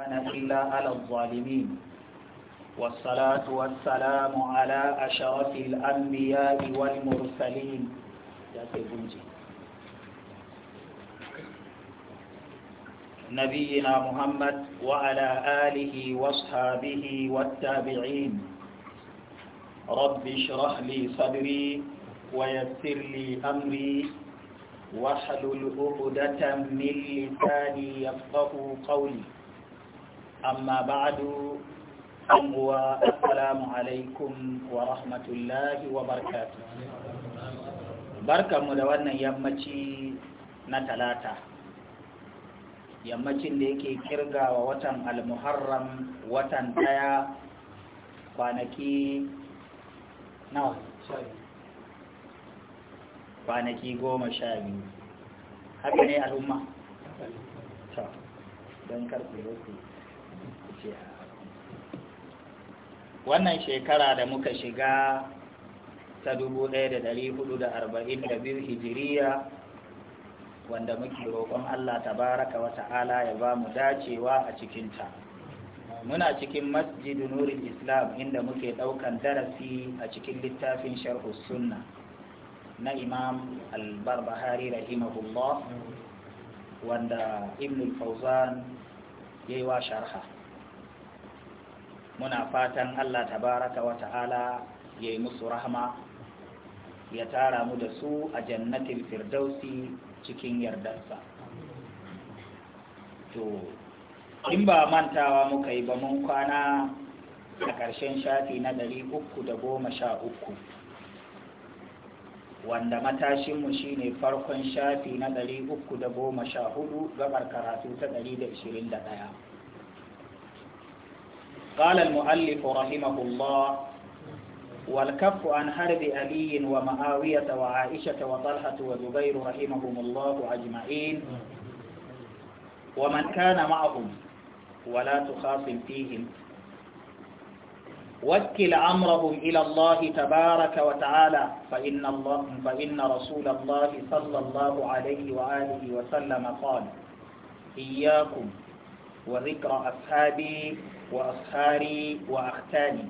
كان إلا على الظالمين والصلاة والسلام على أشرف الأنبياء والمرسلين يا سيدي نبينا محمد وعلى آله واصحابه والتابعين رب اشرح لي صدري ويسر لي أمري واحلل عقدة من لساني يفقه قولي amma ba'adu an uwa assalamu alaikum wa rahmatullahi wa barkatu barkanmu da wannan yammaci na talata yammacin da yake kirga wa watan almuharram watan ɗaya kwanaki goma sha biyu haka ne al'umma gaskiya wannan shekara da muka shiga ta biyu hijiriya wanda muke roƙon Allah tabaraka wa ta'ala ya ba mu dacewa a cikinta muna cikin masjidu nurul islam inda muke ɗaukan darasi a cikin littafin sharhu sunna na imam al-barbahari rahimahullah wanda ibn al-fawzan yayi wa sharha muna fatan Allah tabaraka wa ta'ala ya yi musu rahama ya tara mu da su a jannatin firdausi cikin yardarsa to in ba mantawa muka yi ba mun kwana a ƙarshen shafi na ɗari uku da goma sha uku wanda matashinmu shi ne farkon shafi na ɗari uku da goma sha hudu gabar karatu ta ɗari da da ɗaya. قال المؤلف رحمه الله والكف عن حرب علي ومعاوية وعائشة وطلحة وزبير رحمهم الله أجمعين ومن كان معهم ولا تخاصم فيهم وكل أمرهم إلى الله تبارك وتعالى فإن, الله فإن رسول الله صلى الله عليه وآله وسلم قال إياكم وذكر أصحابي وأصهاري وأختاني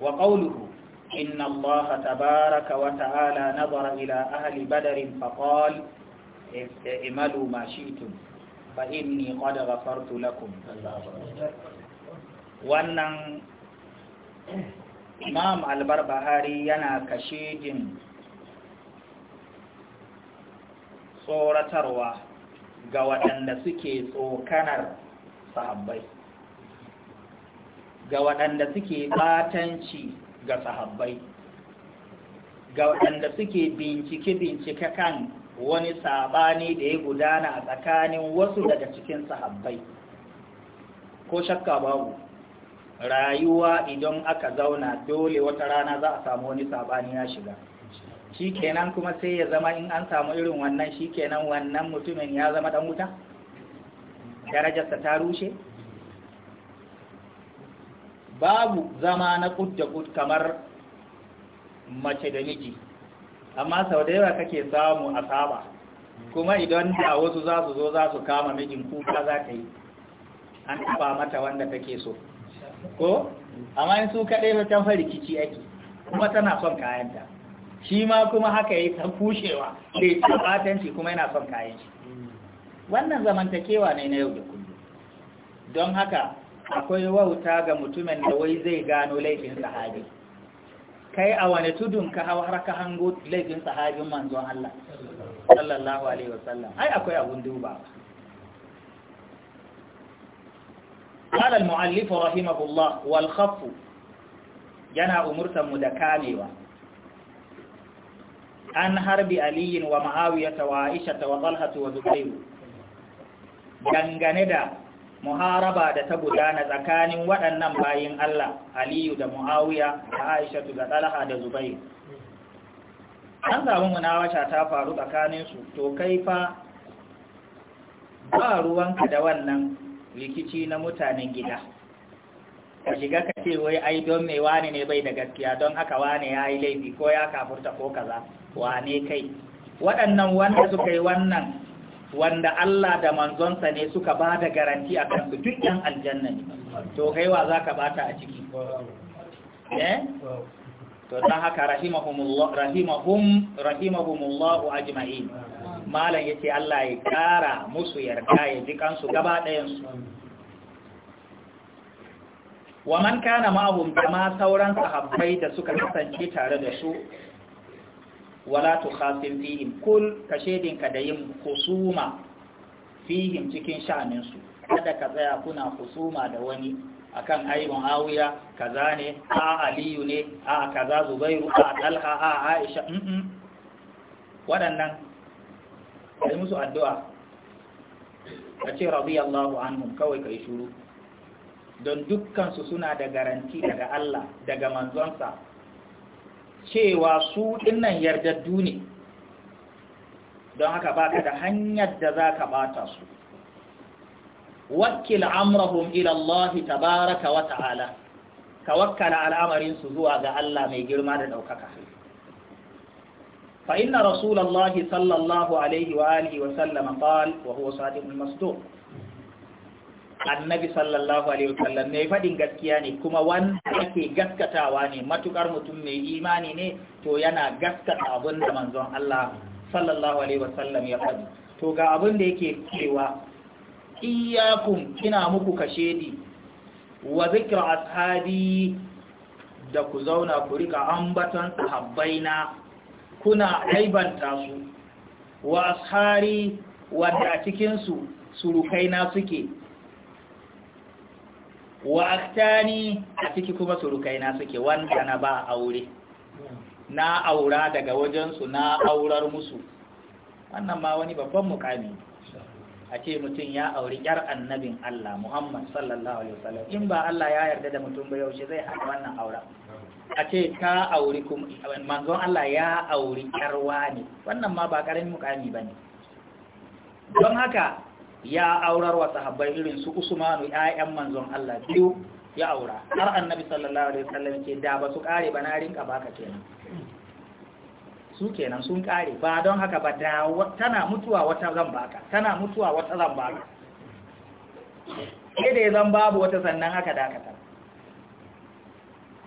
وقوله إن الله تبارك وتعالى نظر إلى أهل بدر فقال اعملوا ما شئتم فإني قد غفرت لكم wannan imam albarbahari yana kashejin tsoratarwa ga waɗanda suke tsokanar sahabbai ga waɗanda suke ɓatanci ga sahabbai ga waɗanda suke bincike-bincike kan wani saɓani da ya gudana a tsakanin wasu daga cikin sahabbai ko shakka babu rayuwa idan aka zauna dole wata rana za a samu wani saɓani ya shiga shi kenan kuma sai ya zama in an samu irin wannan shi kenan wannan mutumin ya zama dan wuta darajarsa ta rushe babu zama na kud da kud kamar mace da miji amma sau da yawa kake samu a saba kuma idan da wasu za su zo za su kama mijin kuka za ta yi an taba mata wanda take so ko amma in su kaɗai ta can rikici ake kuma tana son kayanta shi ma kuma haka ya yi ta kushewa sai ta batanci kuma yana son kayan shi wannan zamantakewa ne na yau da kullum don haka akwai wauta ga mutumin da wai zai gano laifin sahabi kai a wani tudun ka hau har ka hango laifin sahabin manzon Allah sallallahu alaihi wasallam ai akwai abun duba قال المؤلف رحمه الله والخف yana umurtan mu da kamewa an harbi aliyin wa ma'awiyata wa aishata wa talhatu wa zubairu dangane da muharaba da ta gudana tsakanin waɗannan bayin Allah aliyu da muawiya a aishatu da talha da zubairu an samu munawasha ta faru tsakaninsu to kai fa ba ruwanka da wannan rikici na mutanen gida ka shiga ka ce wai ai don mai wane ne bai da gaskiya don haka wane ya yi laifi ko ya kafurta ko kaza wane kai waɗannan wanda suka yi wannan wanda Allah da manzonsa ne suka ba da garanti a kan duk ɗan aljanna ne to kaiwa za ka bata a ciki eh? to ta haka rahimahumullahu ajma'in malam yace Allah ya kara musu yarda ya ji kansu gaba ɗayansu wa man kana ma'ahum kama sauran sahabbai da suka kasance tare da su wala tukhasim fihim kul kashedin ka da yin husuma fihim cikin sha'anin su kada ka tsaya kuna kusuma da wani akan aibun awiya kaza ne a aliyu ne a kaza zubairu a talha a aisha waɗannan kai musu addu'a ka ce radiyallahu anhum kawai kai shuru don dukkansu suna da garanti daga Allah daga manzonsa cewa su dinnan yardaddu ne don haka baka da hanyar da za ka bata su wakil amrahum ila Allah tabaraka wa ta'ala ka wakkala al'amarin su zuwa ga Allah mai girma da daukaka fa inna rasulallahi sallallahu alaihi wa alihi wa sallam qala wa huwa sadiqul annabi sallallahu alaihi wasallam mai fadin gaskiya ne kuma wanda yake gaskatawa ne matukar mutum mai imani ne to yana gaskata abin da manzon Allah sallallahu alaihi wasallam ya faɗi to ga abin da yake cewa iyyakum ina muku kashedi wa zikra ashabi da ku zauna ku rika ambaton sahabbaina kuna aibanta su wa ashari wanda a cikinsu surukaina suke wa aktani a ciki kuma surukaina suke wanda na ba aure na aura daga wajensu na aurar musu wannan ma wani babban mukami a ce mutum ya auri yar annabin Allah Muhammad sallallahu alaihi wasallam in ba Allah ya yarda da mutum ba yaushe zai haɗa wannan aura a ce ka auri kuma manzon Allah ya auri yar wani wannan ma ba karamin mukami bane don haka ya aurar wa sahabbai irin su usmanu ƴaƴan manzon Allah biyu ya aura har annabi sallallahu alaihi wasallam ce da ba su kare ba na rinka baka kenan su kenan sun kare ba don haka ba da tana mutuwa wata zan baka tana mutuwa wata zan baka sai dai zan babu wata sannan haka dakatar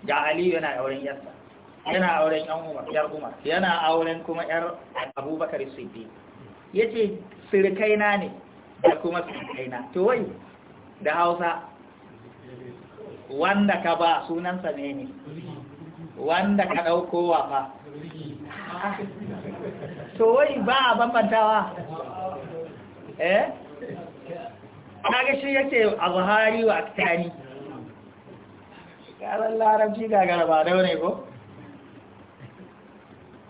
ga aliyu yana auren yarsa yana auren yan umar yar umar yana auren kuma yar abubakar siddiq yace sirkaina ne da kuma aina to wai da hausa wanda ka ba sunansa ne ne wanda ka wa fa to wai ba a bambantawa eh ga shi yake a buhari wa tani karan larabci gagara ba da ne ko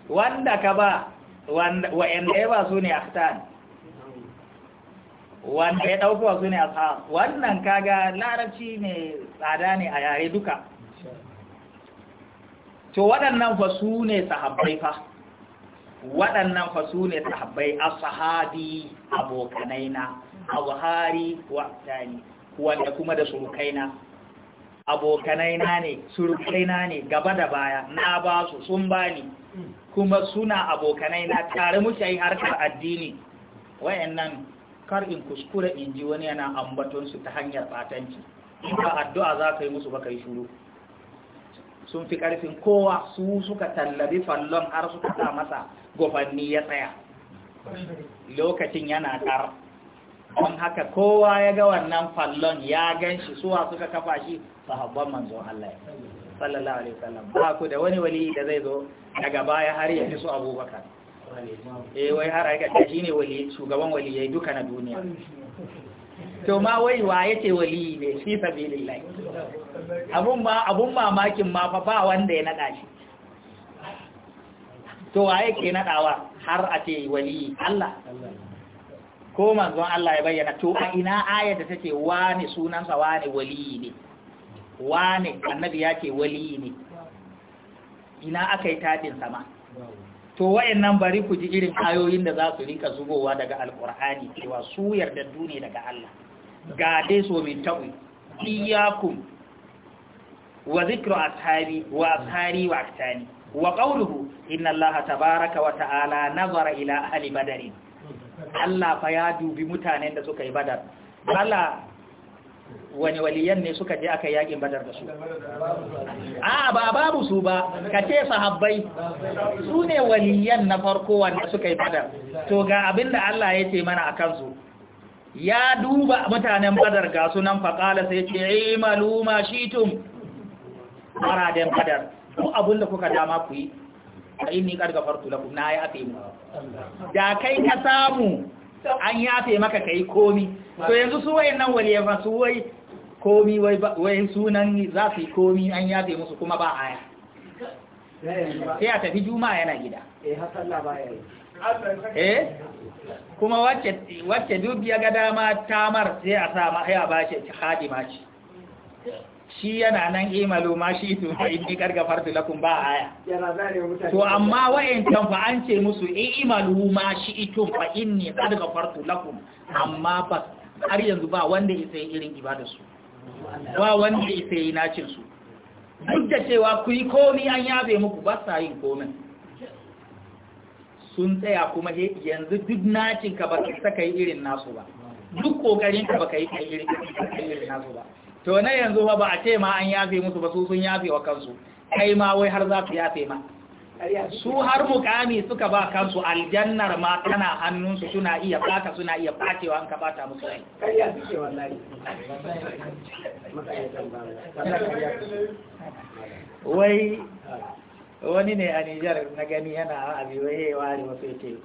wanda ka ba wa da ba su ne a wanda ya ɗauko su ne ashab wannan kaga larabci ne tsada ne a yare duka to waɗannan fa su ne sahabbai fa waɗannan fa su ne sahabbai a abokanai na abuhari wa tani wanda kuma da surukai na? Abokanai na ne surukai na ne gaba da baya na ba su sun bani kuma suna na tare muke yi harkar addini wayannan kar in kuskura in ji wani yana ambaton su ta hanyar batanci in ba addu'a za ka yi musu ba kai shuru sun fi karfin kowa su suka tallabi fallon har suka sa masa gofanni ya tsaya lokacin yana kar don haka kowa ya ga wannan fallon ya gan shi suwa suka kafa shi sahabban manzo Allah sallallahu alaihi wasallam ba ku da wani wali da zai zo daga baya har ya ji su abubakar eh wai har aka ce shine wali shugaban yayi duka na duniya to ma wai wa yace wali ne fi sabilillah abun ma abun mamakin ma fa ba wanda ya nada shi to wa yake nadawa har a ce wali Allah ko manzon Allah ya bayyana to a ina ayar da take wani sunansa wani wali ne wani annabi yake ce wali ne ina akai tadin sama to wayannan bari ku ji irin ayoyin da za su rika zubowa daga alkur'ani cewa su yarda ne daga Allah ga dai so min tawi iyyakum wa zikru ashabi wa ashari wa aktani wa qawluhu inna Allah tabaaraka wa ta'ala nazara ila ahli badr Allah fa ya dubi mutanen da suka yi badar bala wani waliyan ne suka je aka yaƙin badar da su a ba babu su ba ka ce sahabbai su ne waliyan na farko wanda suka yi badar to ga abinda Allah ya ce mana a kansu ya duba mutanen badar ga sunan faƙala sai ce yi maluma Mara maraden badar ku abinda kuka dama ku yi a inni ƙarƙafartu lakum na ya fi mu da kai ka samu an yafe maka ka yi komi to yanzu su wayan nan waliyan su wai komi wai sunan za su yi komi an yafe musu kuma ba aya sai a tafi juma yana gida eh, eh? kuma wacce dubiya ya ga dama tamar sai a sa mahaya ba shi ma ce shi yana nan imalo eh, ma shi tun fa inni gargafar lakum ba aya to amma wa'ancan fa an ce musu imalu eh, ma shi itun fa inni gargafar lakum amma ba har yanzu ba wanda ya irin ibada su ba wanda ita yi nacin su duk da cewa ku yi komi an yabe muku ba sa yin komin sun tsaya kuma yanzu duk nacin ka ba saka yi irin nasu ba duk kokarin ka ba ka yi irin nasu ba to na yanzu ba ba a ce ma an yafe musu ba su sun yabe wa kansu kai ma wai har za su yafe ma su har mukami suka ba kansu aljannar ma tana hannunsu suna iya bata suna iya batewa an ka bata musu rai wai wani ne a nijar na gani yana abi wai wani wasu yake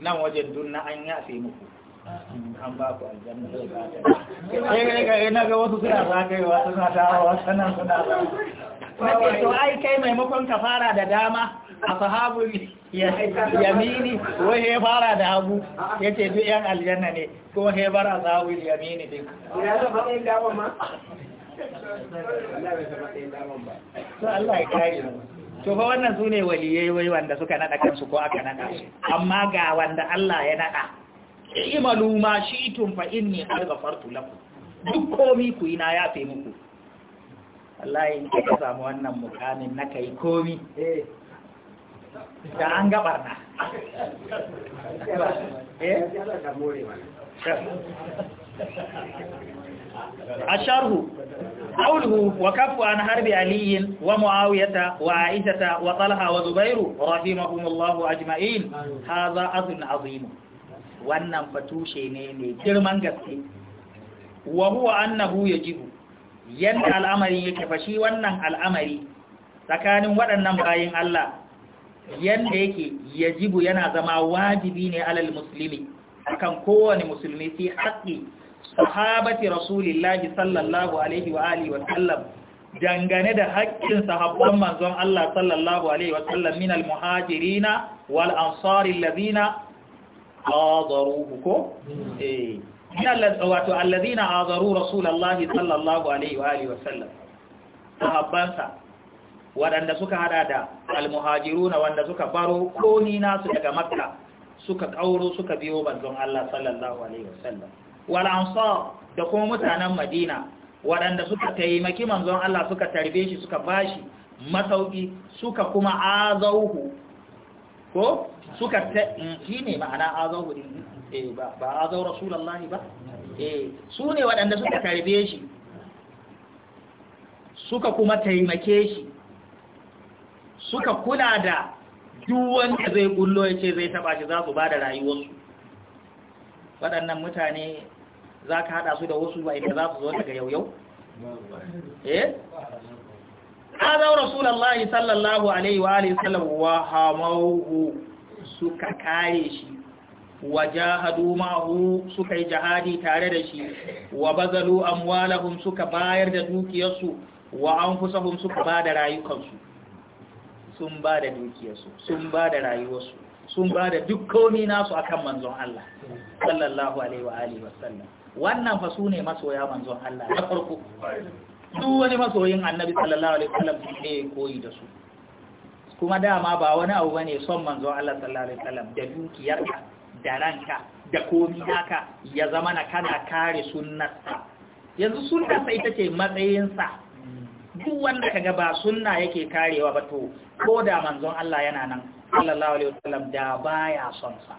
nan wajen dunna an yafe muku an ba ku aljannar da ba ta na ga wasu suna zagayewa suna dawowa sanan suna zagayewa nake to ai kai maimakon ka fara da dama a sahabu yamini wai he fara da hagu ce duk yan aljanna ne ko he a sahabu yamini din ya dama ma to Allah ya kare ne. to fa wannan sune waliyai wai wanda suka nada kansu ko aka nada amma ga wanda Allah ya nada imalu ma shi'tum fa inni qad ghafartu lakum duk komi ku ina yafe muku wallahi in ka samu wannan mukamin na kai komi da an gabar na eh? a sharhu wa وكف عن حرب علي ومعاوية وعائشة وطلحة وزبير رحمهم الله أجمعين هذا أذن عظيم wannan fatushe ne mai girman gaske wa huwa annahu yajibu yadda al'amari yake fashi wannan al'amari tsakanin waɗannan bayin Allah yadda yake jibu yana zama wajibi ne alal musulmi akan kowane musulmi fi haƙi sahabati rasulillahi sallallahu alaihi wa alihi wa sallam dangane da haƙƙin sahabban manzon Allah sallallahu alaihi wa sallam min al-muhajirina wal ansari allazina qadaruhu ko eh wato allazina azaru rasulullahi sallallahu alaihi wa alihi wasallam sahabbansa waɗanda suka hada da almuhajiruna wanda suka baro koni nasu daga makka suka kauro suka biyo banzon Allah sallallahu alaihi wasallam wal ansar da kuma mutanen madina waɗanda suka taimaki manzon Allah suka tarbe shi suka bashi masauki suka kuma azauhu ko suka shine ma'ana azauhu din Eh, ba a azau sulallahi ba eh, su ne waɗanda suka karbe shi suka kuma taimake shi suka kula da duk wanda zai bullo ya ce zai taba shi za su ba da rayuwarsu waɗannan mutane za ka haɗa su da wasu ba inda za su zo daga yau-yau? eh? azau sulallahi sallallahu alaihi wa alaihi sallam wa hamauhu suka kare shi wa jahadu ma'ahu suka yi jihadi tare da shi wa bazalu amwalahum suka bayar da dukiyarsu wa an anfusahum suka ba da rayukansu sun ba da dukiyarsu sun ba da rayuwarsu sun ba da duk komi nasu akan manzon Allah sallallahu alaihi wa alihi wasallam wannan fa sune masoya manzon Allah na farko duk wani masoyin annabi sallallahu alaihi wasallam ne koyi da su kuma dama ba wani abu bane son manzon Allah sallallahu alaihi wasallam da dukiyarsa da ranka da komi naka ya zama na kana kare sunnarsa yanzu sunnarsa ita ce matsayinsa duk wanda kaga ba sunna yake karewa ba to ko da manzon Allah yana nan sallallahu alaihi wasallam da baya son sa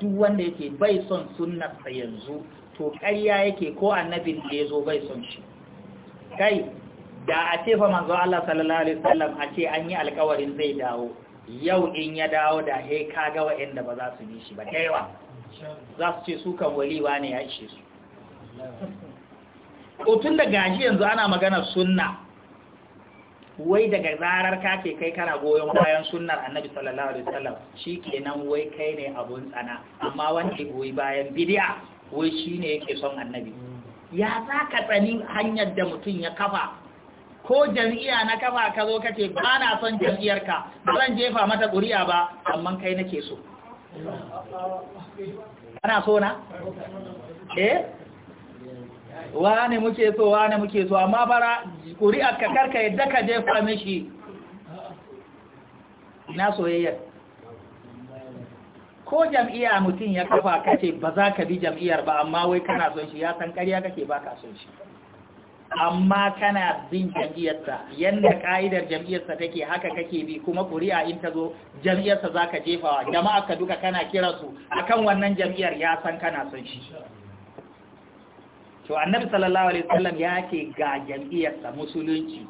duk wanda yake bai son sunnarsa yanzu to ƙarya yake ko annabin da yazo bai son shi kai da a ce fa manzon Allah sallallahu alaihi wasallam a ce an yi alƙawarin zai dawo yau in ya dawo da he kaga inda ba za su bi shi ba daiwa za su ce su kan waliwa ne ya ishe su otun da gashi yanzu ana maganar sunna wai daga zarar kake kai kana goyon bayan sunnar annabi sallallahu alaihi wasallam shikenan wai kai ne abun tsana amma wanda goyi bayan bid'a wai shine yake son annabi ya za ka tsani hanyar da mutum ya kafa ko jam'iya na kafa ka zo kace ba na son jam'iyyarka ba zan jefa mata ƙuri'a ba amma kai nake so ana so na eh wane muke so wane muke so amma bara ƙuri'ar ka karka yadda ka jefa mishi na soyayyar ko jam'iya mutum ya kafa kace ba za ka bi jam'iyyar ba amma wai kana son shi ya san ƙarya kake ba ka son shi amma kana bin jam'iyyarsa yadda ka'idar jam'iyyarsa take haka kake bi kuma kuri'a in ta zo jam'iyyarsa za ka jefawa jama'a ka duka kana kira su akan wannan jam'iyyar ya san kana son shi to annabi sallallahu alaihi wasallam ya ce ga jam'iyyarsa musulunci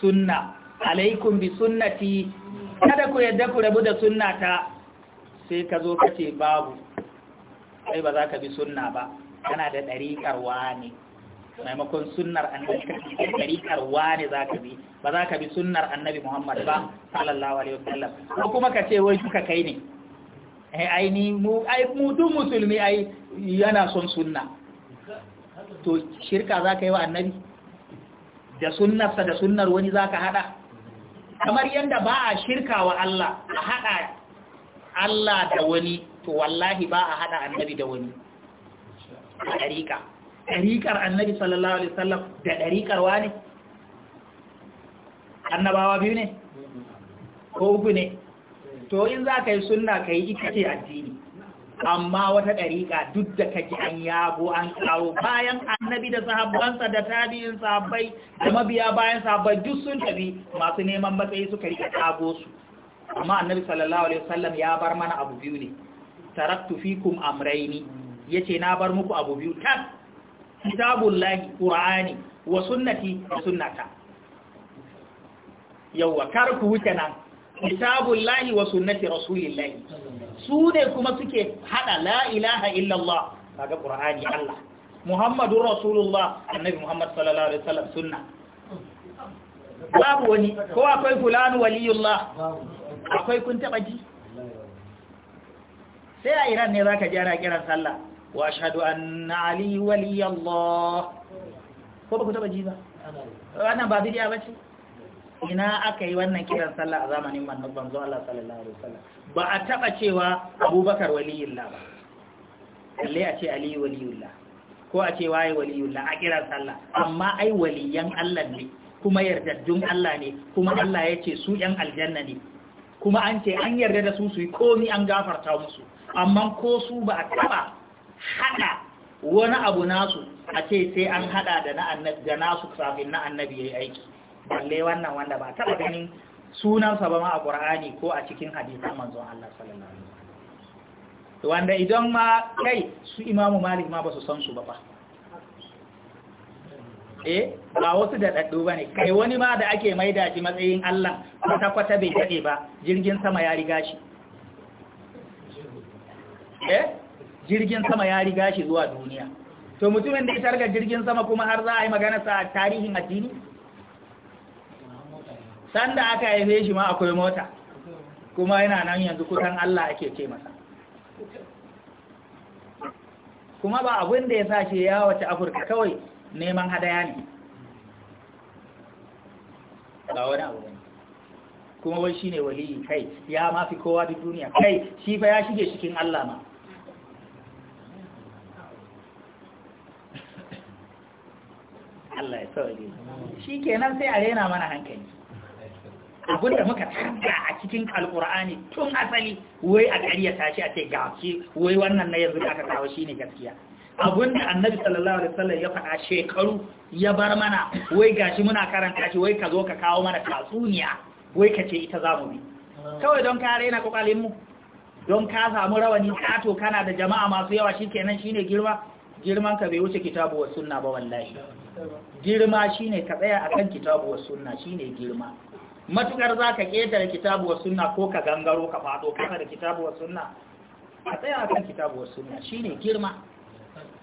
sunna alaikum bi sunnati kada ku yadda ku rabu da sunna ta sai ka zo ka ce babu sai ba za ka bi sunna ba kana da ɗariƙar wa ne maimakon sunnar annabi ce tarikar wani za ka bi ba za ka bi sunnar annabi muhammad ba sallallahu alaihi wasallam ko kuma ka ce wai duka kai ne eh, ai ni mu ai mu duk musulmi ai yana son sunna to shirka za ka yi wa annabi da sa da sunnar wani za ka haɗa kamar yadda ba a shirka wa Allah a haɗa Allah da wani to wallahi ba a haɗa annabi da wani a ɗariƙa ɗariƙar annabi sallallahu alaihi wasallam da ɗariƙar ne annabawa biyu ne ko uku ne to in za ka yi sunna ka yi ita ce addini amma wata ɗariƙa duk da kake an yabo an kawo bayan annabi da sahabbansa da tabi'in sahabbai da mabiya bayan sahabbai duk sun tafi masu neman matsayi suka rika kago su amma annabi sallallahu alaihi wasallam ya bar mana abu biyu ne taraktu fikum amraini yace na bar muku abu biyu tas Kitabun lahi qur'ani wa sunnati wa sunnata yawa kar ku wuce nan kitabun lahi wa sunnati rasulillahi su ne kuma suke hada la ilaha illallah kaga qur'ani Allah Muhammadu rasulullah annabi muhammad sallallahu alaihi wasallam sunna babu wani ko akwai Fulani waliyullah akwai kun taba ji sai a iran ne zaka ji ana kiran sallah وأشهد أن علي ولي الله ko ba ku taba ji ba wannan ba bidiya ba ce ina aka yi wannan kiran sallah a zamanin manzon Allah sallallahu alaihi wasallam ba a taba cewa Abubakar waliyullah ba kalle a ce Ali waliyullah ko a ce waye waliyullah a kiran sallah amma ai waliyan Allah ne kuma yardaddun Allah ne kuma Allah ya ce su yan aljanna ne kuma an ce an yarda da su su yi komi an gafarta musu amma ko su ba a taba haɗa wani abu nasu a ce sai an haɗa da na annabi da nasu kafin na annabi yayi aiki balle wannan wanda ba taɓa ganin sunansa ba ma a Qur'ani ko a cikin hadisan manzon Allah sallallahu alaihi wasallam wanda idan ma kai su imamu Malik ma ba su san su ba ba eh ba wasu da daddu bane kai wani ma da ake maida shi matsayin Allah kwata kwata bai dade ba jirgin sama ya riga shi eh jirgin sama ya riga shi zuwa duniya to mutumin da ya targa jirgin sama kuma har za a yi magana sa tarihin addini sanda aka haife shi ma akwai mota kuma yana nan yanzu kusan Allah ake ce masa kuma ba abin da ya sa shi ya wace afirka kawai neman hadaya ne ba wani abu kuma wai shine waliyi kai ya mafi kowa duk duniya kai shi fa ya shige cikin Allah ma Allah ya sauke shi kenan sai a rena mana hankali abin muka tanga a cikin alkur'ani tun asali wai a ƙariya tashi a ce gashi wai wannan na yanzu da aka kawo shi ne gaskiya abin annabi sallallahu alaihi wasallam ya faɗa shekaru ya bar mana wai gashi muna karanta shi wai ka zo ka kawo mana tatsuniya wai ka ce ita zamu bi kawai don ka raina kokalin mu don ka samu rawani kato kana da jama'a masu yawa shikenan shine girma girman ka bai wuce kitabu wa sunna ba wallahi girma shine ka tsaya akan kitabu wa sunna shine girma matukar zaka ketare kitabu wa sunna ko ka gangaro ka fado kana da kitabu wa sunna ka tsaya akan kitabu wa sunna shine girma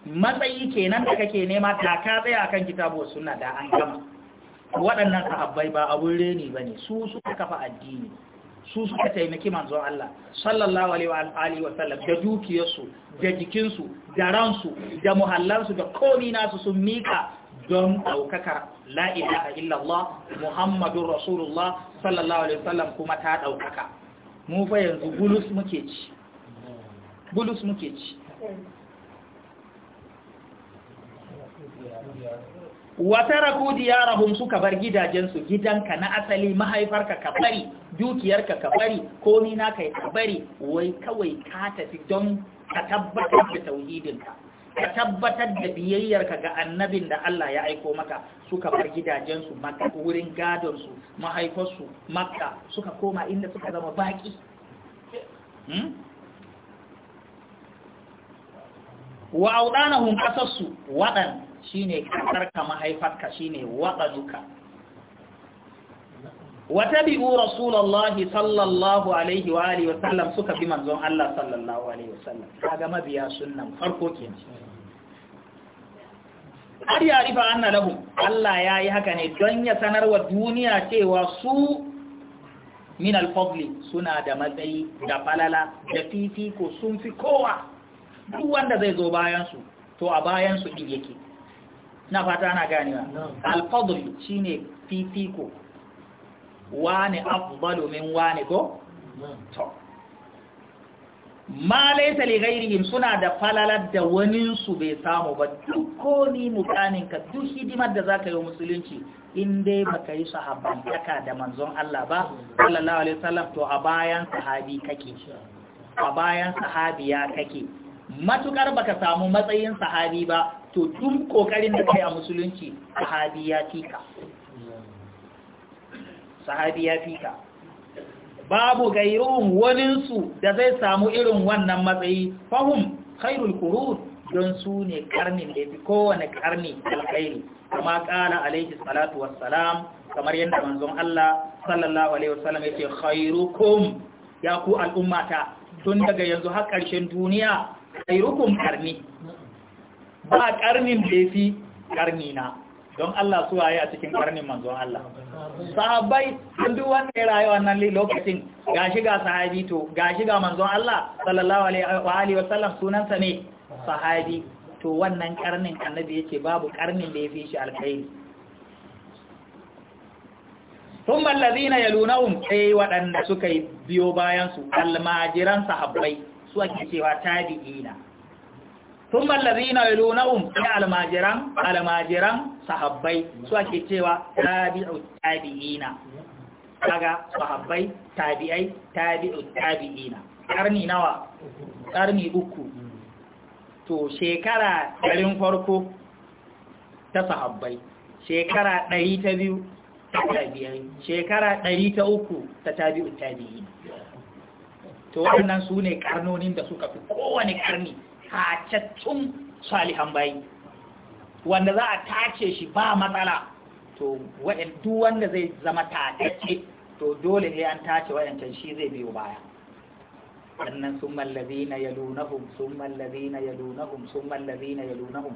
matsayi kenan da kake nema ta ka tsaya akan kitabu wa sunna da an gama waɗannan sahabbai ba abun reni bane su suka kafa addini su suka taimaki manzon Allah sallallahu alaihi wa sallam da dukiyarsu da jikinsu da ransu da muhallansu da komi nasu sun mika don daukakar la ilaha illallah muhammadur rasulullah sallallahu alaihi wa sallam kuma ta daukaka mu fa yanzu muke ci bulus muke ci wataraku diyarahum suka bar gidajensu gidanka na asali mahaifarka ka bari dukiyarka ka bari komi naka ka bari wai kawai ka tafi don ka tabbatar da tauhidinka ka tabbatar da biyayyarka ga annabin da Allah ya aiko maka suka bar gidajensu maka wurin gadon su mahaifarsu makka suka koma inda suka zama baki hmm? wa audanahum qasassu wadan shine kasarka mahaifarka shine waqaduka watabi'u rasulullahi sallallahu alaihi wa alihi wa sallam suka bi manzon Allah sallallahu alaihi wa sallam kaga mabiya sunnan farko kenan har ya rifa anna lahum Allah ya yi haka ne don ya sanar wa duniya cewa su min alfadli suna da matsayi da falala da fifiko sun fi kowa duk wanda zai zo bayansu to a bayansu din yake na fata ana ganewa alfadul shine fifiko wane afdalu min wane ko to ma laisa li suna da falalar da wani su bai samu ba duk ko ni mukanin ka duk hidimar da za ka yi musulunci in dai baka yi sahabbantaka da manzon Allah ba sallallahu alaihi wasallam to a bayan sahabi kake a bayan sahabiya kake matukar baka samu matsayin sahabi ba to duk kokarin da kai a musulunci sahabi ya fika sahabi ya fika babu gairun waninsu da zai samu irin wannan matsayi fahim khairul qurun don su ne karnin da fi kowane karni alkhairi kama kana alaihi salatu wassalam kamar yadda manzon Allah sallallahu alaihi wasallam yake khairukum ya ku al'ummata tun daga yanzu har ƙarshen duniya khairukum karni ba karnin da yafi karni na don Allah su waye a cikin karnin manzon Allah sahabbai duk wanda ya rayu wannan lokacin gashi ga sahabi to gashi ga manzon Allah sallallahu alaihi wa sallam sunansa ne sahabi to wannan karnin annabi yake babu karnin da yafi shi alkhairi ثم الذين يلونهم اي waɗanda suka biyo bayan su almajiran sahabai su ake cewa tabi'ina sun mallabi na ilunahun da almajiran almajiran sahabbai su ake cewa tabi'u tabi'ina daga sahabbai tabi'ai tabi'u tabi'ina Karni nawa Karni uku to shekara ɗarin farko ta sahabbai shekara ɗari ta biyu ta tabi'ai shekara ɗari ta uku ta tabi'u tabi'ina to wannan su ne da suka fi kowane karni. tacattun salihan bayi wanda za a tace shi ba matsala to wa'in duk wanda zai zama tatacce to dole ne an tace wa'yancan shi zai biyo baya wannan sun mallazina ya lunahum sun mallazina ya lunahum sun mallazina ya lunahum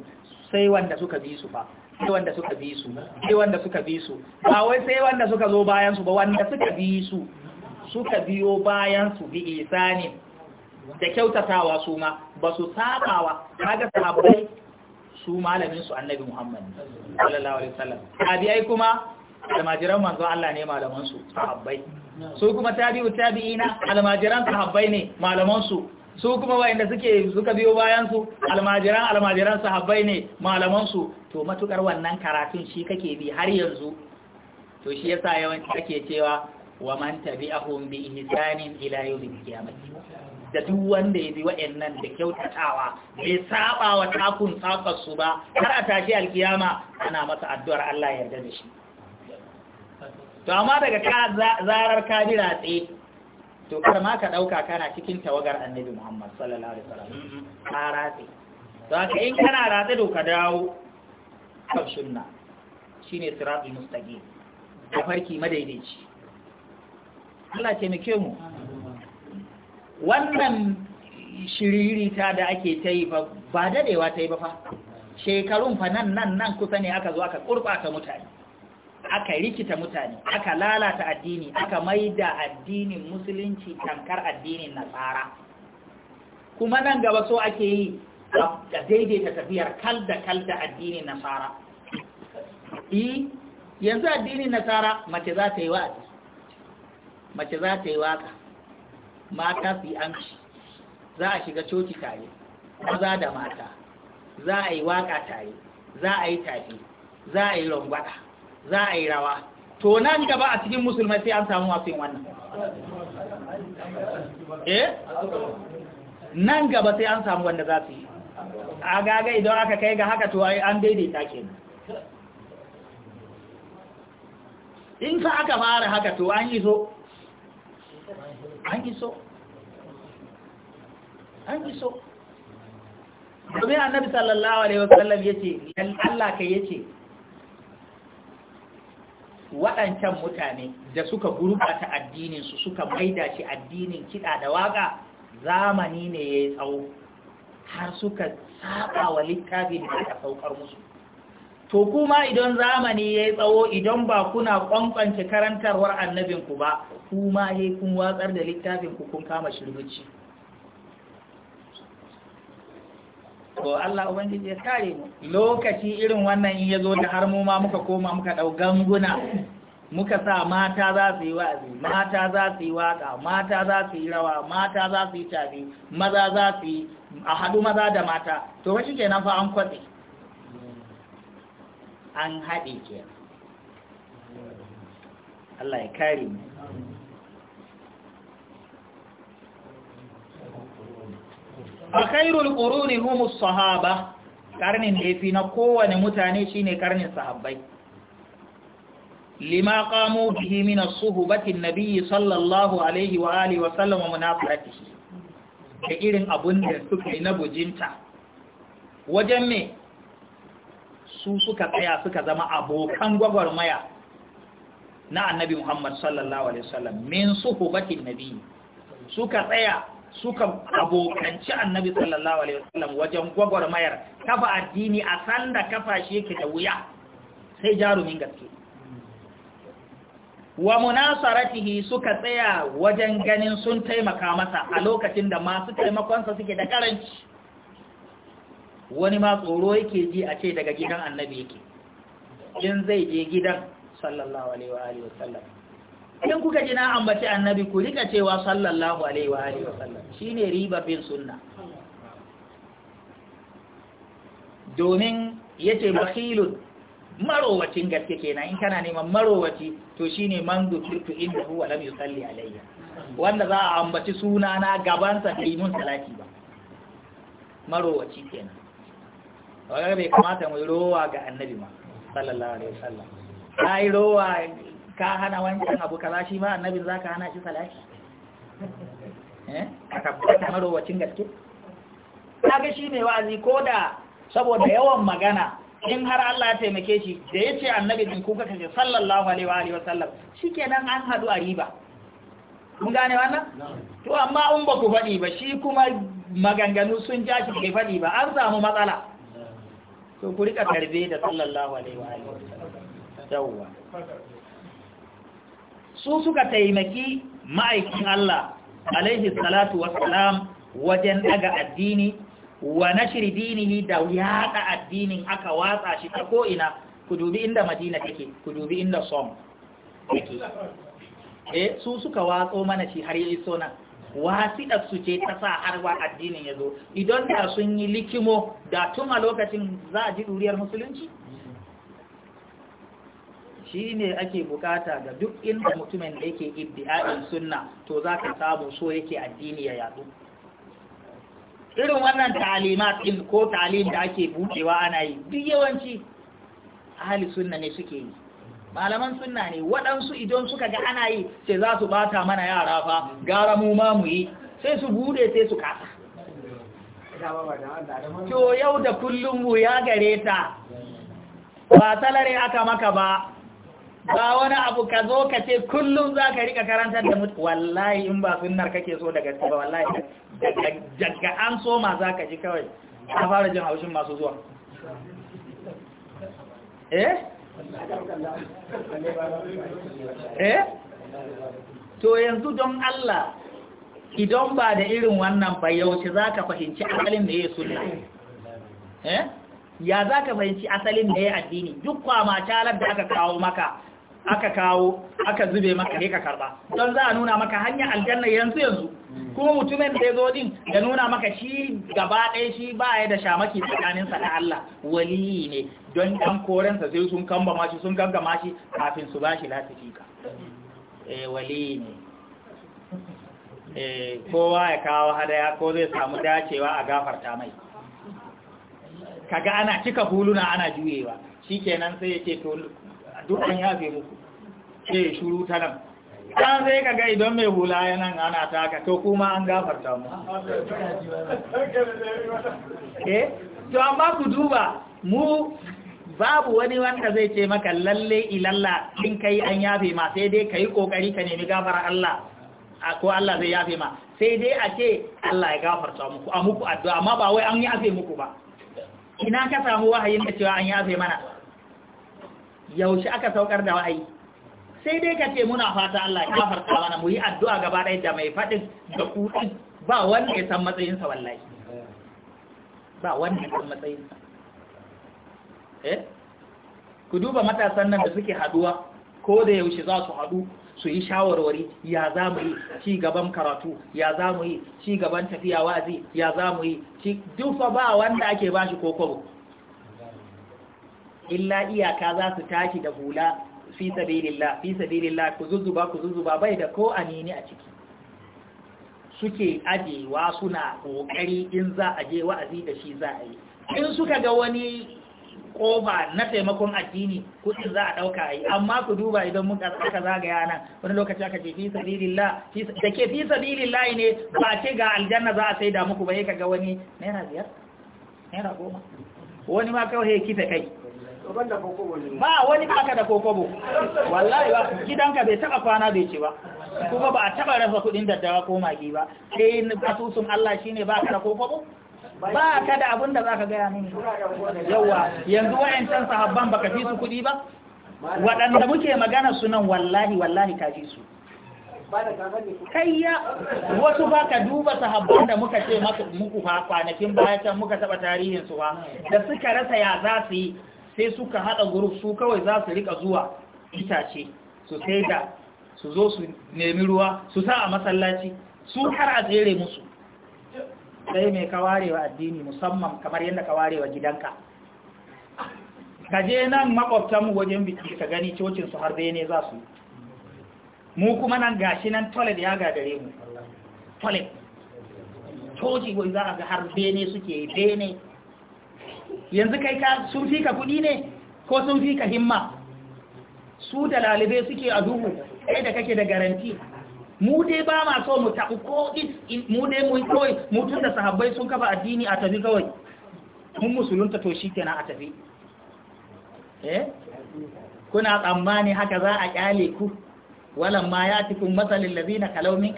sai wanda suka bi su fa sai wanda suka bi su sai wanda suka bi su ba wai sai wanda suka zo bayan su ba wanda suka bi su suka biyo bayan su bi isanin da kyautatawa su ma ba su sabawa kaga sahabbai su malamin su annabi Muhammad sallallahu alaihi wasallam tabi'ai kuma almajiran manzo Allah ne malaman su sahabbai su kuma tabi'u tabi'ina almajiran sahabbai ne malaman su su kuma wayanda suke suka biyo bayan su almajiran almajiran sahabbai ne malaman su to matukar wannan karatun shi kake bi har yanzu to shi yasa yawanci ake cewa wa man tabi'ahum bi ihsanin ila yawmil qiyamah da duk wanda ya bi nan da kyautatawa bai saba wa takun su ba har a tashi alkiyama ana masa addu'ar Allah ya yarda da shi to amma daga ka zarar ka bi ratse to kar ma ka dauka kana cikin tawagar annabi Muhammad sallallahu alaihi wasallam ka ratse to haka in kana ratse to ka dawo kan sunna shine siratul mustaqim farki madaidaici Allah taimake mu wannan shiririta da ake ta yi ba dadewa ta yi ba fa shekarun fa nan nan nan kusa ne aka zo aka kurbata mutane aka rikita mutane aka lalata addini aka maida addinin musulunci tankar addinin nasara kuma nan gaba so ake yi a daidaita tafiyar kal da kal da addinin nasara yi yanzu addinin nasara mace za ta yi mace za ta yi waka mata su yi amshi za a shiga coci tare maza da mata za a yi waka tare za a yi tafi za a yi rangwada za a yi rawa to nan gaba a cikin musulmai sai an samu wasu yin wannan eh nan gaba sai an samu wanda za su yi a gaga idan aka kai ga haka to an daidaita kenan in fa aka fara haka to an yi so an yi so an fi so domin annabi sallallahu alaihi wasallam ya ce Allah kai ya waɗancan mutane da suka gurɓata addininsu suka maida shi addinin kiɗa da waƙa zamani ne ya yi tsawo har suka saba wa littafin da ta saukar musu to kuma idan zamani ya yi tsawo idan ba kuna ƙwanƙwance karantarwar annabinku ba kuma ya kun watsar da littafinku kun kama shirbici to Allah ubangiji ya kare mu lokaci irin wannan in yazo da har mu ma muka koma muka dau ganguna muka sa mata za su yi wa'azi mata za su yi waka mata za su yi rawa mata za su yi tafi maza za su yi a haɗu maza da mata to wa shi kenan fa an kwatse an haɗe ke. Allah ya kare mu fa khairul quruni humus sahaba karni ne fi na kowane mutane shine karnin sahabbai lima qamu bihi min as-suhbati an-nabi sallallahu alaihi wa alihi wa sallam wa da irin abun da suka yi na bujinta wajen me su suka tsaya suka zama abokan gwagwarmaya na annabi Muhammad sallallahu alaihi wasallam min an nabi suka tsaya suka abokanci annabi sallallahu alaihi wasallam wajen gwagwarmayar kafa addini a sanda kafa shi yake da wuya sai jarumin gaske wa munasaratihi suka tsaya wajen ganin sun taimaka masa a lokacin da masu taimakonsa suke da karanci wani ma tsoro yake ji a ce daga gidan annabi yake in zai je gidan sallallahu alaihi wa alihi wasallam in kuka ji na ambaci annabi ku rika cewa sallallahu alaihi wa alihi wasallam shine riba bin sunna domin yace bakhilun marowacin gaske kenan in kana neman marowaci to shine man dukirtu inda huwa lam yusalli alayya wanda za a ambaci suna na gaban sa mun salati ba marowaci kenan wanda bai kamata mu rowa ga annabi ma sallallahu alaihi wasallam ai rowa ka hana wancan abu kaza shi ma annabin za ka hana shi salati eh? ka tabbata marowacin gaske kaga shi wa'azi ko da saboda yawan magana in har Allah ya taimake shi da ya ce annabi din kuka kaje sallallahu alaihi wa alihi wasallam shikenan an hadu a riba kun gane wannan to amma in ba ku faɗi ba shi kuma maganganu sun ja shi ke faɗi ba an samu matsala to ku rika tarbe da sallallahu alaihi wa alihi wasallam yawwa su suka taimaki ma'aikin Allah alaihi salatu salam, wajen daga addini wa nashri dinihi da yaɗa addinin aka watsa shi ta ko ku dubi inda Madina take ku dubi inda Som E su suka watso mana shi har yi sona da su ce ta sa har addinin ya zo idan da sun yi likimo da tuma lokacin za a ji duriyar musulunci shi ne ake bukata ga duk inda mutumin da yake ibdi'a'in sunna to za ka samu so yake addini ya yadu irin wannan ta'alimat din ko talim da ake buɗewa ana yi duk yawanci ahli sunna ne suke yi malaman sunna ne waɗansu idan suka ga ana yi sai za su bata mana yara fa gara mu ma mu yi sai su bude sai su kasa to yau da kullum mu ya gare ta ba salare aka maka ba ba wani abu ka zo ka ce kullum za ka rika karantar da mutu wallahi in ba sunnar kake so daga gaske ba wallahi daga an soma za ka ji kawai a fara jin haushin masu zuwa eh eh to yanzu don Allah idan ba da irin wannan bayyauci za ka fahimci asalin da ya suna eh ya za ka fahimci asalin da ya addini duk ma calar da aka kawo maka aka kawo aka zube maka ne ka karba don za a nuna maka hanyar aljanna yanzu yanzu kuma mutumin da ya zo din da nuna maka shi gaba ɗaya shi ba da shamaki tsakaninsa da Allah wali ne don ɗan korensa sai sun kamba mashi sun gaggama shi kafin su ba shi latifika eh wali ne eh, kowa ya kawo hadaya ko zai samu dacewa a gafarta mai kaga ana cika huluna ana juyewa Shi kenan sai ya ce to duk an yafe muku ce shuru ta nan ta sai ka ga idan mai hula yanan ana taka to kuma an gafarta mu eh to amma ku duba mu babu wani wanda zai ce maka lalle ilalla in kai an yafe ma sai dai kai kokari ka nemi gafara Allah ko Allah zai yafe ma sai dai a ce Allah ya gafarta muku a muku addu'a amma ba wai an yafe muku ba ina ka samu wahayin da cewa an yafe mana yaushe aka saukar da wa'ayi sai dai ka ce muna fata Allah ya farka mana mu yi addu'a gaba ɗaya da mai faɗin da kuɗin ba wanda ya san matsayinsa wallahi ba wanda ya san matsayinsa eh ku duba matasan nan da suke haduwa ko da yaushe za su hadu su yi shawarwari ya za mu yi ci gaban karatu ya za mu yi ci gaban tafiya wa'azi ya za mu yi ci dufa ba wanda ake bashi shi ko illa iyaka za su tashi da hula fi sabilillah fi sabilillah ku zuzzuba ku zuzzuba bai da ko anini a ciki suke ajewa suna kokari in za a je wa'azi da shi za a yi in suka ga wani koba na taimakon addini kudin za a dauka yi amma ku duba idan muka tsaka zagaya nan wani lokaci aka ce fi sabilillah da ke fi sabilillah ne ba ce ga aljanna za a sai da muku ba ka ga wani naira biyar naira goma wani ma kawai kife kai ba wani baka da kokobo wallahi ba gidanka bai taba kwana bai ce ba kuma ba a taba rasa kudin daddawa ko magi ba sai asusun Allah shine baka da kokobo ba ka da abin da za ka gaya yawa yanzu san sahabban baka fi su kuɗi ba waɗanda muke magana sunan nan wallahi wallahi ka fi su kayya wasu ba duba sahabban da muka ce muku fa kwanakin baya can muka taba tarihin su ba da suka rasa ya za su yi sai suka hada guruf su kawai za su rika zuwa itace su sai da su zo su nemi ruwa su sa a masallaci su har a tsere musu sai mai kawarewa addini musamman kamar yadda kawarewa gidanka ka je nan mu wajen biki ka gani cocinsu har dai ne za su mu kuma nan gashi nan toilet ya gagare mu toilet coci wai za a ga har bene suke bene yanzu kai ka sun fi ka kuɗi ne ko sun fi ka himma su da lalibai suke a duhu ɗaya da kake da garanti mu dai ba ma so mu taɓu ko mu dai mu kawai mutum da sahabbai sun kafa addini a tafi kawai mun musulunta to shi kenan a tafi eh kuna tsammani haka za a kyale ku walan ma ya tikun masalin lazina kalau min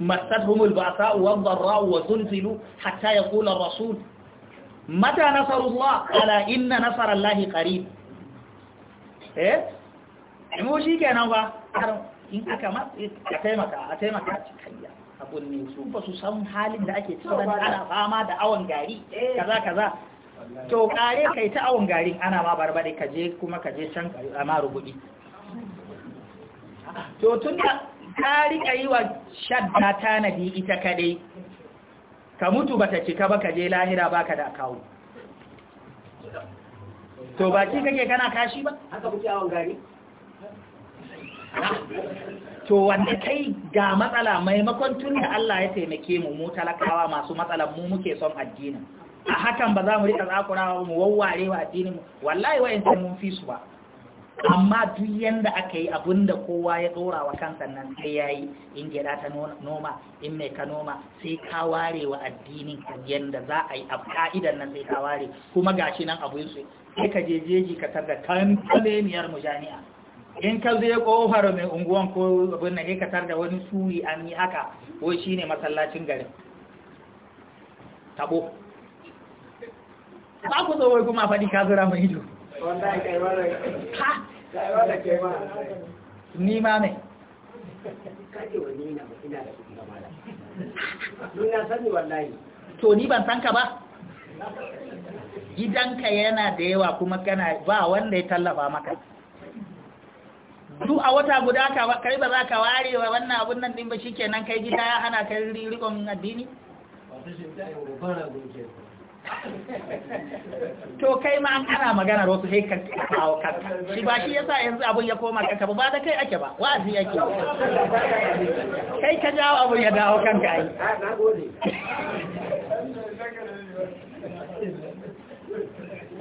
Mas'ad Humul, Ba'asa, wad-dharra'u wa zulzilu hatta kula rasul mata nasarullah ala inna nasarallahi qarib eh mu shi kenan ba in aka ma ka taimaka a taimaka a cikin abun ne su ba su san halin da ake cikin ana fama da awon gari kaza kaza to kare kai ta awon garin ana ma barbade ka je kuma ka je can a ma rubudi to tun da ka rika yi wa shadda tanadi ita kadai ka mutu ba ta cika ba ka je lahira ba ka da kawo to ba ki kake kana kashi ba haka kuke awon gari to wanda kai ga matsala maimakon tun da Allah ya taimake mu mu talakawa masu matsalan mu muke son addinin a hakan ba za mu rika zakurawa mu wawware wa addinin mu wallahi wa'in sai mun fi su ba amma duk yanda aka yi abin da kowa ya dora wa kansa nan sai ya yi in gida ta noma in mai ka noma sai ka ware wa addinin ka yanda za a yi a ka'idan nan sai ka ware kuma gashi nan abin su sai ka jejeji ka tarda kantaleniyar mujaniya. in ka zai kofar mai unguwan ko abin nan ka tarda wani suri an yi haka ko shine masallacin garin tabo ba ku zo wai kuma faɗi ka zura mai ido ni ma ne ni to ni ban san ka ba gidanka yana da yawa kuma kana ba wanda ya tallafa maka duk a wata guda ka kai ba za ka ware wa wannan abun nan din ba shikenan kai gida ya hana kai rikon addini to kai ma an ana maganar wasu sai ka kawo kanka shi ba shi yasa yanzu abun ya koma kanka ba da kai ake ba wa'azi ake. kai ka jawo abun ya dawo kanka ai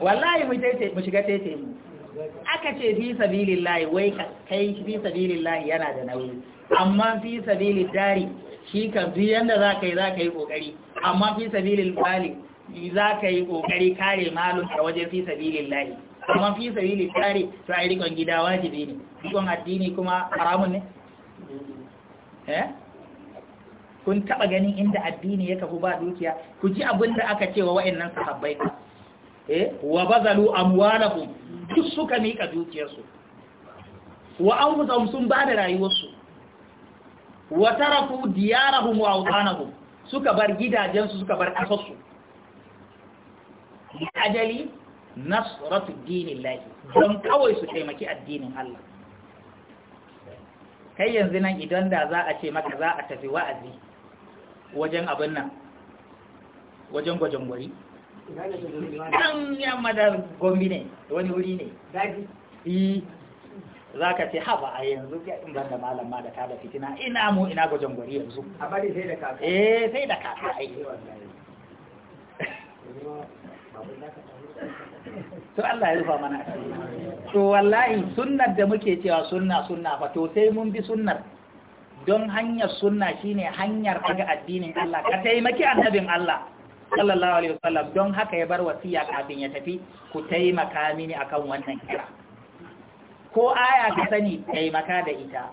wallahi mu tete mu shiga tete mu aka ce fi sabilillahi wai kai fi sabilillahi yana da nauyi amma fi sabilillahi shi kan duk yanda za ka yi za ka yi kokari amma fi sabilillahi za ka yi ƙoƙari kare malum a wajen fi sabilin lahi amma fi sabilin kare to a rikon gida wajibi ne rikon addini kuma haramun ne eh? kun taɓa ganin inda addini ya kafu ba dukiya ku ji abin da aka cewa wa'annan sahabbai eh wa bazalu amwalahum duk suka mika dukiyarsu wa anfusahum sun ba da rayuwarsu wa taraku diyarahum wa awtanahum suka bar gidajensu suka bar kasarsu bi ajali nasratu dinillahi don kawai su taimaki addinin Allah kai yanzu nan idan da za a ce maka za a tafi wa'azi wajen abin nan wajen gwajin gwari ɗan yamma da gombi ne wani wuri ne yi eh, za ka ce haba a yanzu in ban da malam ma da ta da fitina ina mu ina gwajin gwari yanzu a bari sai da kaka eh sai da kaka ai to Allah ya rufa mana to wallahi sunnar da muke cewa sunna sunna fa to sai mun bi sunnar don hanyar sunna shine hanyar daga addinin Allah ka taimaki annabin Allah sallallahu alaihi wasallam don haka ya bar wasiya kafin ya tafi ku taimaka mini akan wannan kira ko aya ka sani taimaka da ita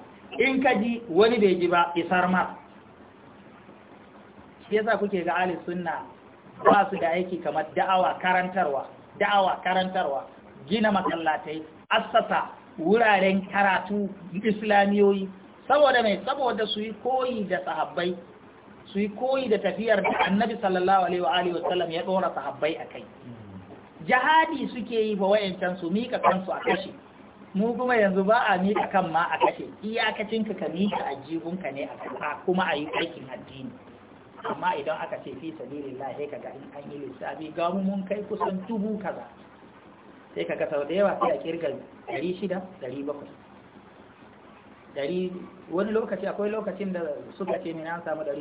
in ka ji wani bai ji ba isar ma yasa kuke ga ahli sunna ba su da aiki kamar da'awa karantarwa da'awa karantarwa gina masallatai assasa wuraren karatu islamiyoyi saboda mai saboda su yi koyi da sahabbai su yi koyi da tafiyar da annabi sallallahu alaihi wa alihi wasallam ya dora sahabbai akai jihadi suke yi ba can su mika kansu a kashe mu kuma yanzu ba a mika kan ma a kashe iyakacin ka ka mika ajibun ka ne a kuma a yi aikin addini amma idan aka ce fi sabilillah sai kaga in an yi lissafi ga mu mun kai kusan dubu kaza sai kaga sau da yawa sai a kirga 600 700 wani lokaci akwai lokacin da suka ce ne na samu da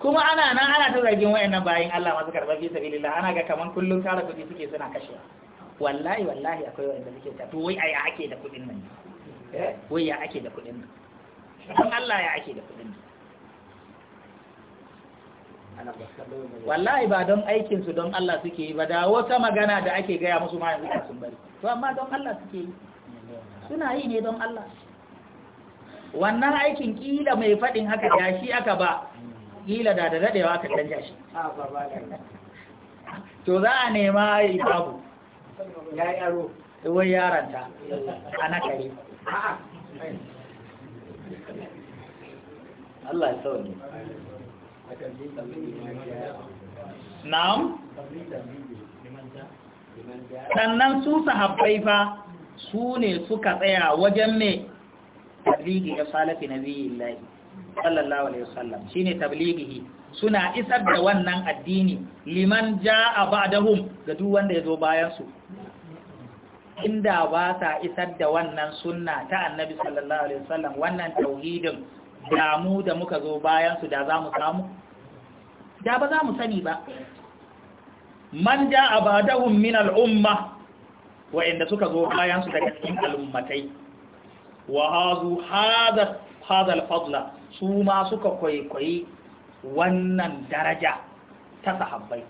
kuma ana nan ana ta zargin nan bayan Allah masu karɓar fi sabilillah ana ga kamar kullum kara kuɗi suke suna kashewa wallahi wallahi akwai da suke ta to wai ai ake da kuɗin nan ne Eh? wai ya ake da kuɗin nan don Allah ya ake da kuɗin nan wallahi ba don aikinsu don Allah suke yi ba da wata magana da ake gaya musu ma yanzu sun bari to amma don Allah suke yi suna yi ne don Allah wannan aikin kila mai faɗin haka ya shi aka ba kila da da dadewa aka canja shi to za a nema ya yi babu ya yi aro wai yaranta a nakari Allah ya sauke na'am sannan su sahabbai fa su ne suka tsaya wajen me tabligi ya salafi na biyu nabiyyi sallallahu alaihi wasallam shine tablighi suna isar da wannan addini liman ja jaa ba'dahum ga duk wanda ya zo bayansu. inda ba sa isar da wannan sunna ta annabi sallallahu alaihi wasallam wannan tauhidin damu da muka zo bayan su da zamu samu da ba za mu sani ba man ja abadahum min al-umma wa'inda suka zo bayan su daga cikin al'ummatai wa hazu hada hada al-fadla su ma suka kwaikwayi wannan daraja ta sahabbai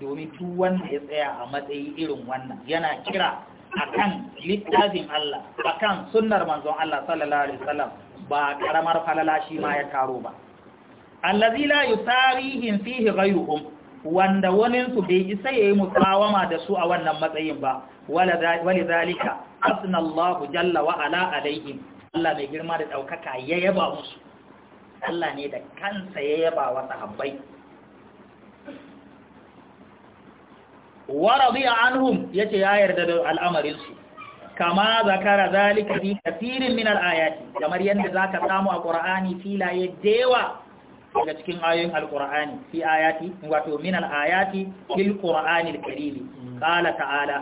domin duk wanda ya tsaya a matsayi irin wannan yana kira akan littafin Allah akan sunnar manzon Allah sallallahu alaihi wasallam ba karamar falala shi ma ya taro ba allazi la yusarihim fihi ghayruhum wanda su bai isa ya yi da su a wannan matsayin ba wali zalika asina Allahu jalla wa ala alaihim Allah mai girma da ɗaukaka ya yaba musu Allah ne da kansa ya yaba wa sahabbai wa radiya anhum yace ya yarda da al'amarinsu. kama zakara zalika fi kathirin min al-ayati kamar yanda zaka samu a Qur'ani filaye dewa daga cikin ayoyin al-Qur'ani fi ayati wato min al-ayati fil Qur'ani al-Karim qala ta'ala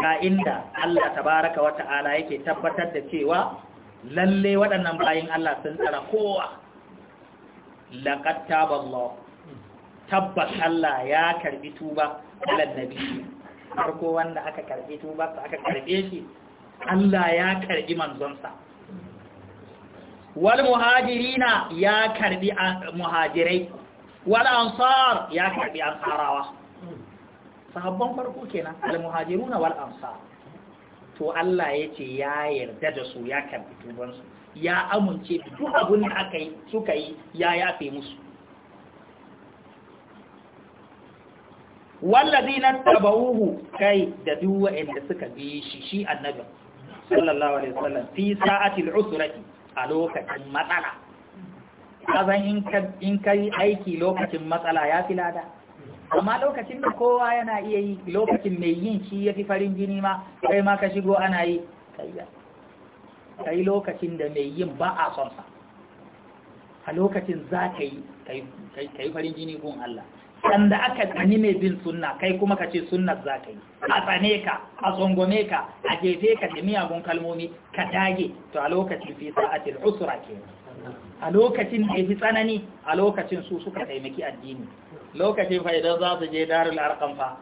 ga inda Allah tabaaraka wa ta'ala yake tabbatar da cewa lalle waɗannan bayan Allah sun tsara kowa laqad taballahu tabbas Allah ya karbi tuba alal nabi farko wanda aka karbi tuba sa aka karbe shi Allah ya karbi manzonsa wal muhajirina ya karbi muhajirai wal ansar ya karbi ansarawa sahabban farko kenan al muhajiruna wal ansar to Allah yace ya yarda da su ya karbi tubansu ya amince duk abin da aka yi suka yi ya yafe musu wallazi na tabawuhu kai da duk wa'anda suka bi shi shi annabi sallallahu alaihi wasallam fi sa'atil usrati a lokacin matsala kaza in ka in kai aiki lokacin matsala ya fi lada amma lokacin da kowa yana iya yi lokacin mai yin shi yafi farin jini ma kai ma ka shigo ana yi kai lokacin da mai yin ba a son sa a lokacin za ka yi kai kai farin jini gun Allah sanda aka tsani mai bin sunna kai kuma ka ce sunnar za ka yi a tsane ka a tsongome ka a jefe ka da miyagun kalmomi ka dage to a lokacin fi sa'atil usura ke a lokacin da fi tsanani a lokacin su suka taimaki addini lokacin fa idan za su je darul arqam fa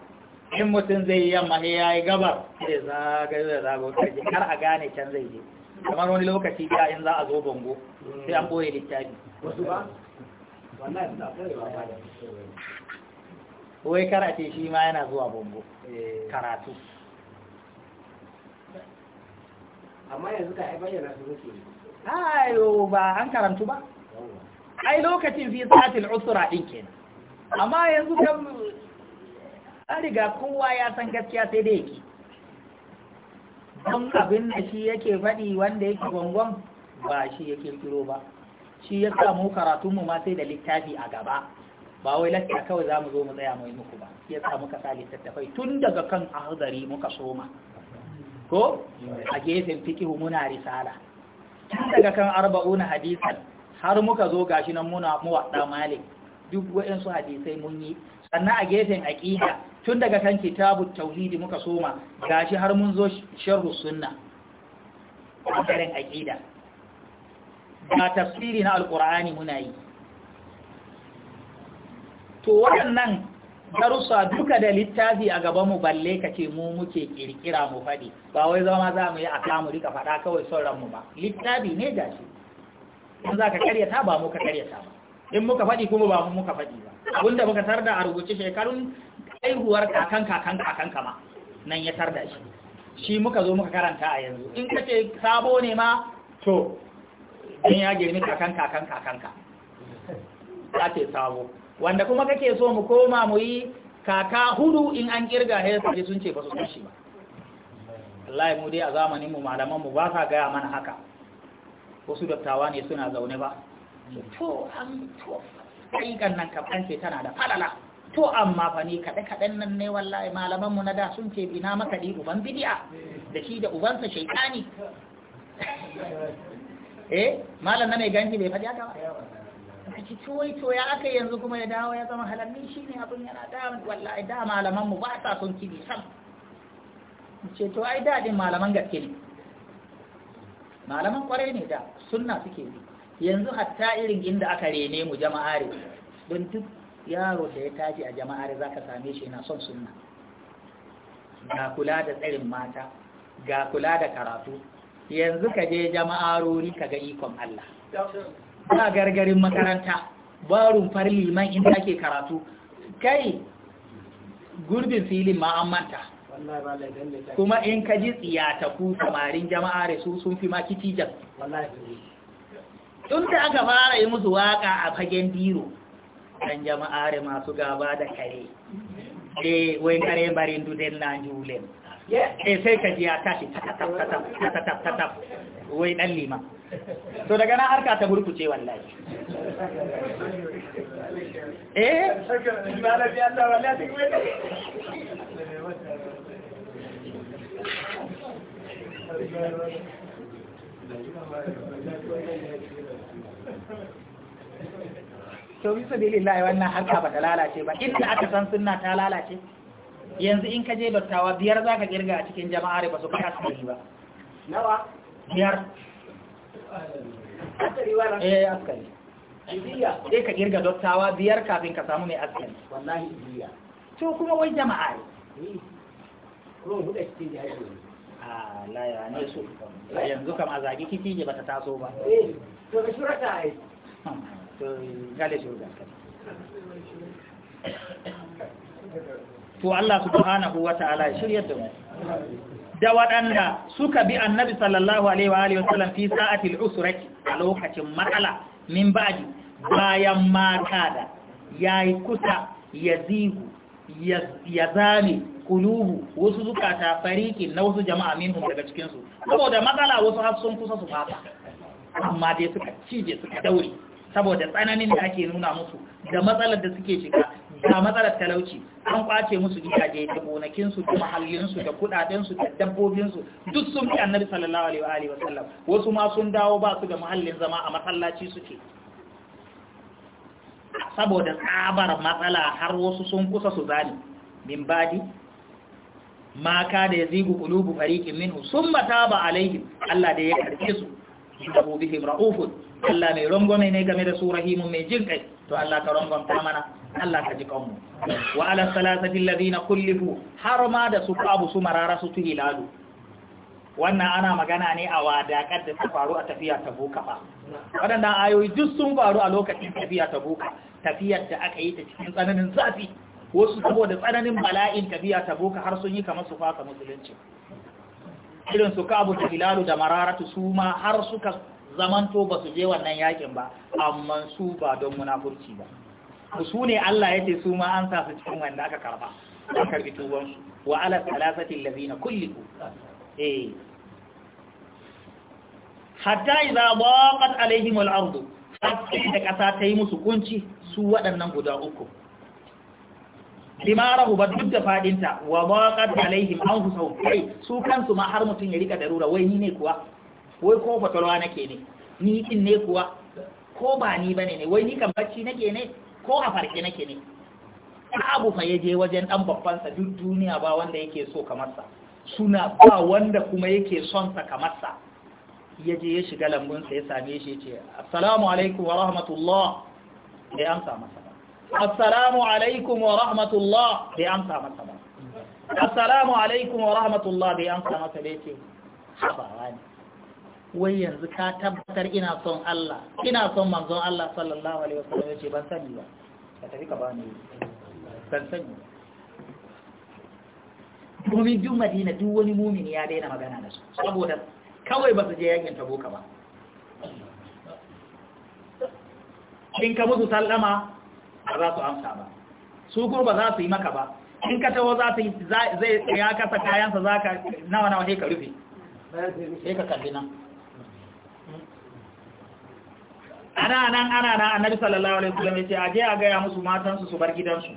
in mutum zai yi yamma sai yayi gabar sai zaga zago har a gane can zai je kamar wani lokaci ya in za a zo bango sai an boye littafi wai karate shi ma yana zuwa bombo eh. karatu amma yanzu ka bayyana su muke ayo ba an karantu ba ai lokacin fi satin usura din ke amma yanzu kan an riga kowa ya san gaskiya sai dai yake don abin da shi yake faɗi wanda yake gwangwan ba shi yake kiro ba shi ya samu karatunmu ma sai da littafi a gaba ba wai lafiya kawai za mu zo mu tsaya mai muku ba ya sa muka sa littattafai tun daga kan ahzari muka soma ko a gefen fikihu muna risala tun daga kan arba'u na hadisan har muka zo gashi nan muna muwadda malik duk waɗansu hadisai mun yi sannan a gefen aƙida tun daga kan kitabu tauhidi muka soma gashi har mun zo sharhu sunna ɓangaren aƙida ba tafsiri na alƙur'ani muna yi to waɗannan darussa duka da littafi a gaban mu balle ka ce mu muke kirkira mu faɗi ba wai zama za mu yi a kamu rika faɗa kawai sauran mu ba littafi ne da shi in za ka karyata ba mu ka karyata ba in muka faɗi kuma ba mu muka faɗi ba abinda muka tarda a rubuce shekarun aihuwar kakan kakan kakan kama nan ya tarda shi shi muka zo muka karanta a yanzu in ka ce sabo ne ma to in ya girmi kakan kakan kakan ka za ce sabo wanda kuma kake so mu koma mu yi kaka hudu in an kirga hesari sun ce ba su san shi ba wallahi mu dai a zamanin mu malaman mu ba sa gaya mana haka wasu dattawa ne suna zaune ba to an to ayyukan nan kafan ce tana da falala to amma fa ni kaɗe kaɗen nan ne wallahi malaman mu na da sun ce ina makaɗi uban bidi'a da shi da ubansa shaitani eh malam na mai ganji bai faɗi haka ba ci tuwai to ya aka yanzu kuma ya dawo ya zama halammi shi ne abin yana da wallahi da malaman mu ba sa son kibi sam ce to ai da din malaman gaske ne malaman kwarai ne da sunna suke bi yanzu hatta irin inda aka rene mu jama'are don duk yaro da ya tashi a jama'are ka same shi yana son sunna ga kula da tsarin mata ga kula da karatu yanzu ka je jama'arori ka ga ikon Allah ba gargarin makaranta ba rumfar liman inda ake karatu kai gurbin filin ma kuma in ka ji tsiyata ku samarin jama'a da su sun fi maki tijan tun da aka fara yi musu waka a fagen biro ɗan jama'a da masu gaba da kare ɗaya eh, wai kare barin duden na julen eh sai ka ji ya tashi tatap wai dan lima to daga nan harka ta ce wallahi eh to bisa dalilai wannan harka ba ta lalace ba inda aka san sunna ta lalace yanzu in ka je battawa biyar za ka girga a cikin jama'ari ba su kai askari ba nawa biyar eh askari sai ka girga dottawa biyar kafin ka samu mai askari wallahi biya to kuma wai jama'ari. Kuma jama'a ne eh. a laya ne su yanzu kam a zagi kiki ba ta taso ba Eh, to ka shura ta ai to gale shura ka to Allah subhanahu wa ta'ala ya da da waɗanda suka bi annabi sallallahu alaihi wa sallam fi sa'atil a lokacin matsala min ba'di bayan mata da yayi kusa yazihu yazani kulubu wasu zukata fariki na wasu jama'a minhum daga cikin su saboda matsala wasu har sun kusa su fafa amma dai suka cije suka dauri saboda tsananin da ake nuna musu da matsalar da suke shiga ga matsalar talauci an kwace musu gidaje da gonakinsu da mahallinsu da kudadensu da dabbobinsu duk sun bi annabi sallallahu alaihi wa alihi wasu ma sun dawo ba su da mahallin zama a masallaci suke saboda tsabar matsala har wasu sun kusa su zani min badi ma ka da yazigu qulubu fariqin minhu summa taba alaihim Allah da ya karbe su innahu bihim raufun Allah mai rangwame ne game da su rahimun mai jin kai to Allah ka rangwanta mana Allah ka ji kanmu wa ala salasati alladhina kullifu har ma da su abu su marara su tuhilalu wannan ana magana ne a wadakar da ta faru a tafiya ta buka ba waɗannan ayoyi duk sun faru a lokacin tafiya ta buka tafiyar da aka yi ta cikin tsananin zafi wasu saboda tsananin bala'in tafiya ta buka har sun yi kamar su fasa musulunci irin su kabu da hilalu da mararatu su ma har suka zamanto ba su je wannan yakin ba amma su ba don munafurci ba su ne Allah ya ce su ma an sa su cikin wanda aka karba aka karbi tubansu wa ala talafatin lazina kulliku eh hatta idza daqat alaihim al-ardu hatta da kasa ta yi musu kunci su waɗannan guda uku lima hu ba duk da fadinta wa daqat alaihim anfusuhum kai su kansu ma har mutun ya rika darura wai ni ne kuwa wai ko fatalwa nake ne ni din ne kuwa ko ba ni bane ne wai ni kan bacci nake ne ko a farke nake ne abu fa yaje wajen dan babban sa duk duniya ba wanda yake so kamar sa suna ba wanda kuma yake son sa kamar sa yaje ya shiga lambun sa ya same shi yace assalamu alaikum wa rahmatullah bai amsa masa assalamu alaikum wa rahmatullah bai amsa masa assalamu alaikum wa rahmatullah bai amsa masa yace haba wani wai yanzu ka tabbatar ina son Allah ina son manzon Allah sallallahu alaihi wasallam yace ban sani ba ka tafi ka bani ban sani domin duk Madina duk wani mumini ya daina magana da su saboda kawai ba su je yakin Tabuka ba in ka musu sallama ba za su amsa ba su kuma ba za su yi maka ba in ka tawo za su yi zai ya kasa kayansa za ka nawa nawa sai ka rufe sai ka kalli nan ana nan ana nan annabi sallallahu alaihi wasallam yace aje a gaya musu matansu su bar gidansu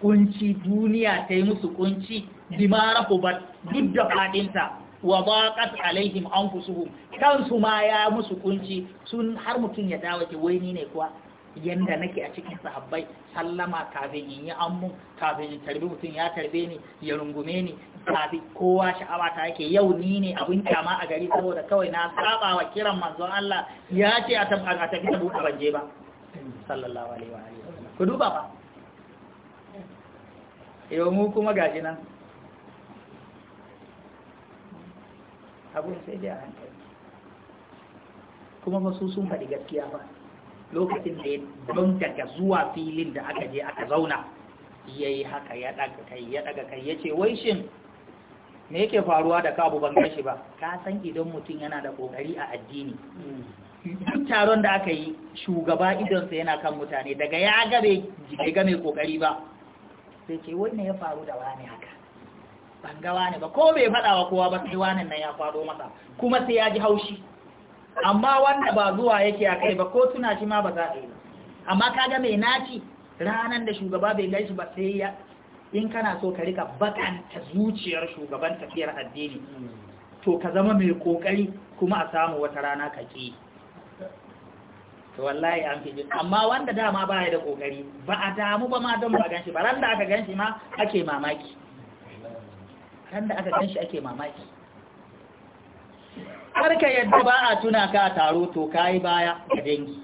kunci duniya ta yi musu kunci dimara bat duk da fadinta wa baqat alaihim anfusuhum kansu ma ya musu kunci sun har mutun ya dawo ke wai ni ne kuwa yanda nake a cikin sahabbai sallama kafin in yi ammu kafin in tarbi mutum ya tarbe ni ya rungume ni kafin kowa sha'awa ta yake yau ni ne abin kyama a gari saboda kawai na saba wa kiran manzon Allah ya ce a tafi ta buɗe ban je ba sallallahu alaihi wa alihi ku duba ba yau mu kuma gaji nan abun sai dai a hankali kuma ba su sun faɗi gaskiya ba lokacin da ya don daga zuwa filin da aka je aka zauna ya yi haka ya daga kai ya daga kai ya ce wai shin me yake faruwa da kabu ban gashi ba ka san idan mutum yana da ƙoƙari a addini duk taron da aka yi shugaba idonsa yana kan mutane daga ya gabe ga game ƙoƙari ba sai ce wai ne ya faru da wani haka ban ga wani ba ko bai faɗawa wa kowa ba sai wani nan ya faru masa kuma sai ya ji haushi amma wanda ba zuwa yake a kai ba ko tuna shi ma ba za a yi amma kaga mai naci ranar da shugaba bai gaishi ba sai ya in kana so ka rika bakanta zuciyar shugaban tafiyar addini to ka zama mai kokari kuma a samu wata rana ka ke to wallahi an fi amma wanda dama baya da kokari ba a damu ba ma don ba ganshi ba ran da aka ganshi ma ake mamaki ran da aka ganshi ake mamaki karka yadda ba a tuna ka taro to kayi baya ga dangi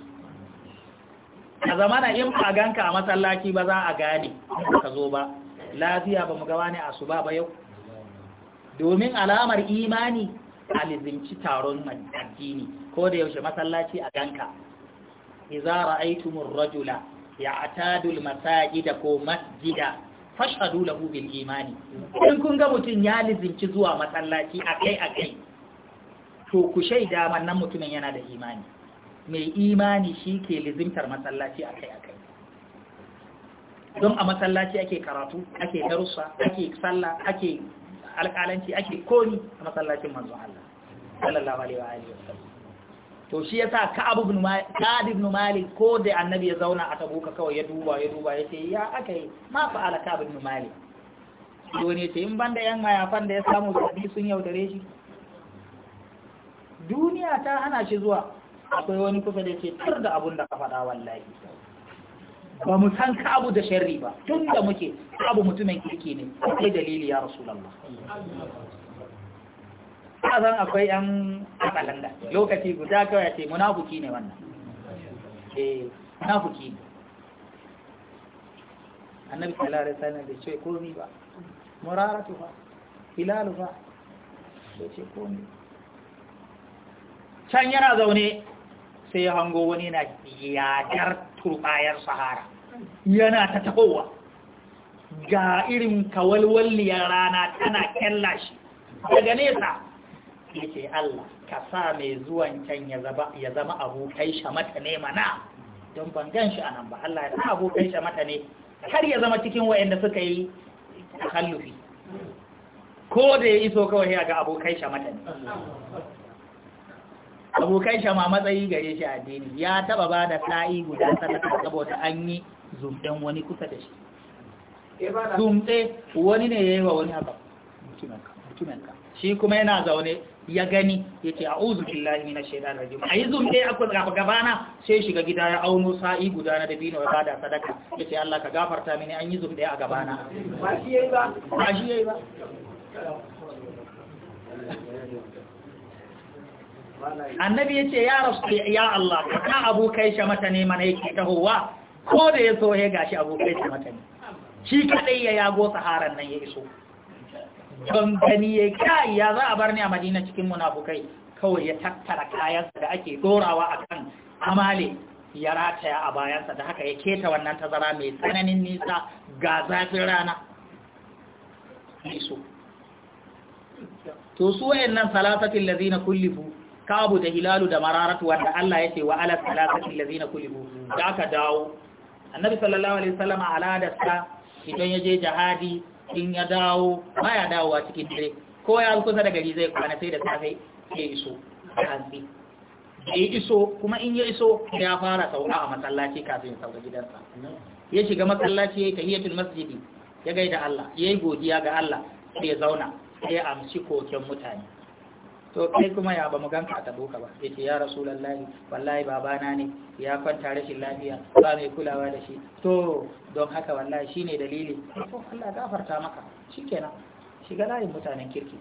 a zamana in ba ganka a matsalaki ba za a gane ka zo ba lafiya ba mu ga wani a su ba ba yau domin alamar imani a lizinci taron addini ko da yaushe masallaci a ganka iza mun rajula ya ya'tadul da ko masjida fashadu lahu bil imani in kun ga mutum ya lizinci zuwa masallaci akai akai to ku shaida wannan mutumin yana da imani mai imani shi ke lizimtar masallaci akai-akai don a masallaci ake karatu ake darussa ake sallah ake alƙalanci ake koni a masallacin manzo Allah sallallahu alaihi wa alihi to shi yasa Ka'ab ibn Malik Ka'ab ibn Malik ko da annabi ya zauna a Tabuka kawai ya duba ya duba yace ya akai ma ala Ka'ab ibn Malik to ne ce in banda yan mayafan da ya samu da sun yaudare shi duniya ta hana shi zuwa akwai wani kusa da ce tar da abun da ka faɗa wallahi ba mu san ka abu da sharri ba tun da muke abu mutumin kirki ne akwai dalili ya rasulallah ka san akwai yan kakalanda lokaci guda kawai ya ce munafuki ne wannan eh munafuki ne annabi sallallahu alaihi wasallam bai ce komi ba muraratu ba hilalu ba bai ce komi ba can yana zaune sai ya hango wani na yadar turbayar sahara yana ta tafowa ga irin kawalwalliyar rana tana kyalla shi daga nesa ya ce Allah ka sa mai zuwan can ya zama abokai shamata ne mana don ban shi a nan ba Allah ya sa abokai shamata ne har ya zama cikin wayanda suka yi kallufi ko da ya iso kawai ya ga abokai shamata ne abokan shi ma matsayi gare shi addini ya taba ba da sa'i guda sadaka saboda an yi zumɗen wani kusa da shi zumɗe wani ne ya yi wa wani haka mutumenka shi kuma yana zaune ya gani ya ce a uzu billahi mina shaidan rajim a yi zumɗe a kusa gabana sai shiga gida ya auno sa'i guda na dabino ya bada sadaka ya ce Allah ka gafarta mini an yi zumɗe a gabana ba shi ya yi ba annabi ya ce ya rasu ya Allah ka abokai shi mata ne mana yake tahowa ko da ya so ya gashi abokai shi mata ne shi kadai ya yago saharan nan ya iso don gani ya kai ya za a bar ni a madina cikin munafukai kawai ya tattara kayansa da ake dorawa a kan amale ya rataya a bayansa da haka ya keta wannan tazara mai tsananin nisa ga zafin rana iso to su wayannan salatatin lazina kullifu kabu da hilalu da mararatu wanda Allah ya ce wa ala salatati allazina kulibu da aka dawo annabi sallallahu alaihi wasallam ala da sa idan ya jihadi in ya dawo baya a cikin dare ko ya kusa da gari zai kwana sai da safe ya iso hanbi ya iso kuma in ya iso ya fara sauka a masallaci kafin sauka gidansa ya shiga masallaci ya tahiyatul masjidi ya gaida Allah ya yi godiya ga Allah sai ya zauna sai ya amshi koken mutane to kai kuma ya ba mu ganka a ka ba yace ya rasulullahi wallahi babana ne ya kwanta rashin lafiya ba mai kulawa da shi to don haka wallahi shine dalili to Allah gafarta maka shikenan shiga layin mutanen kirki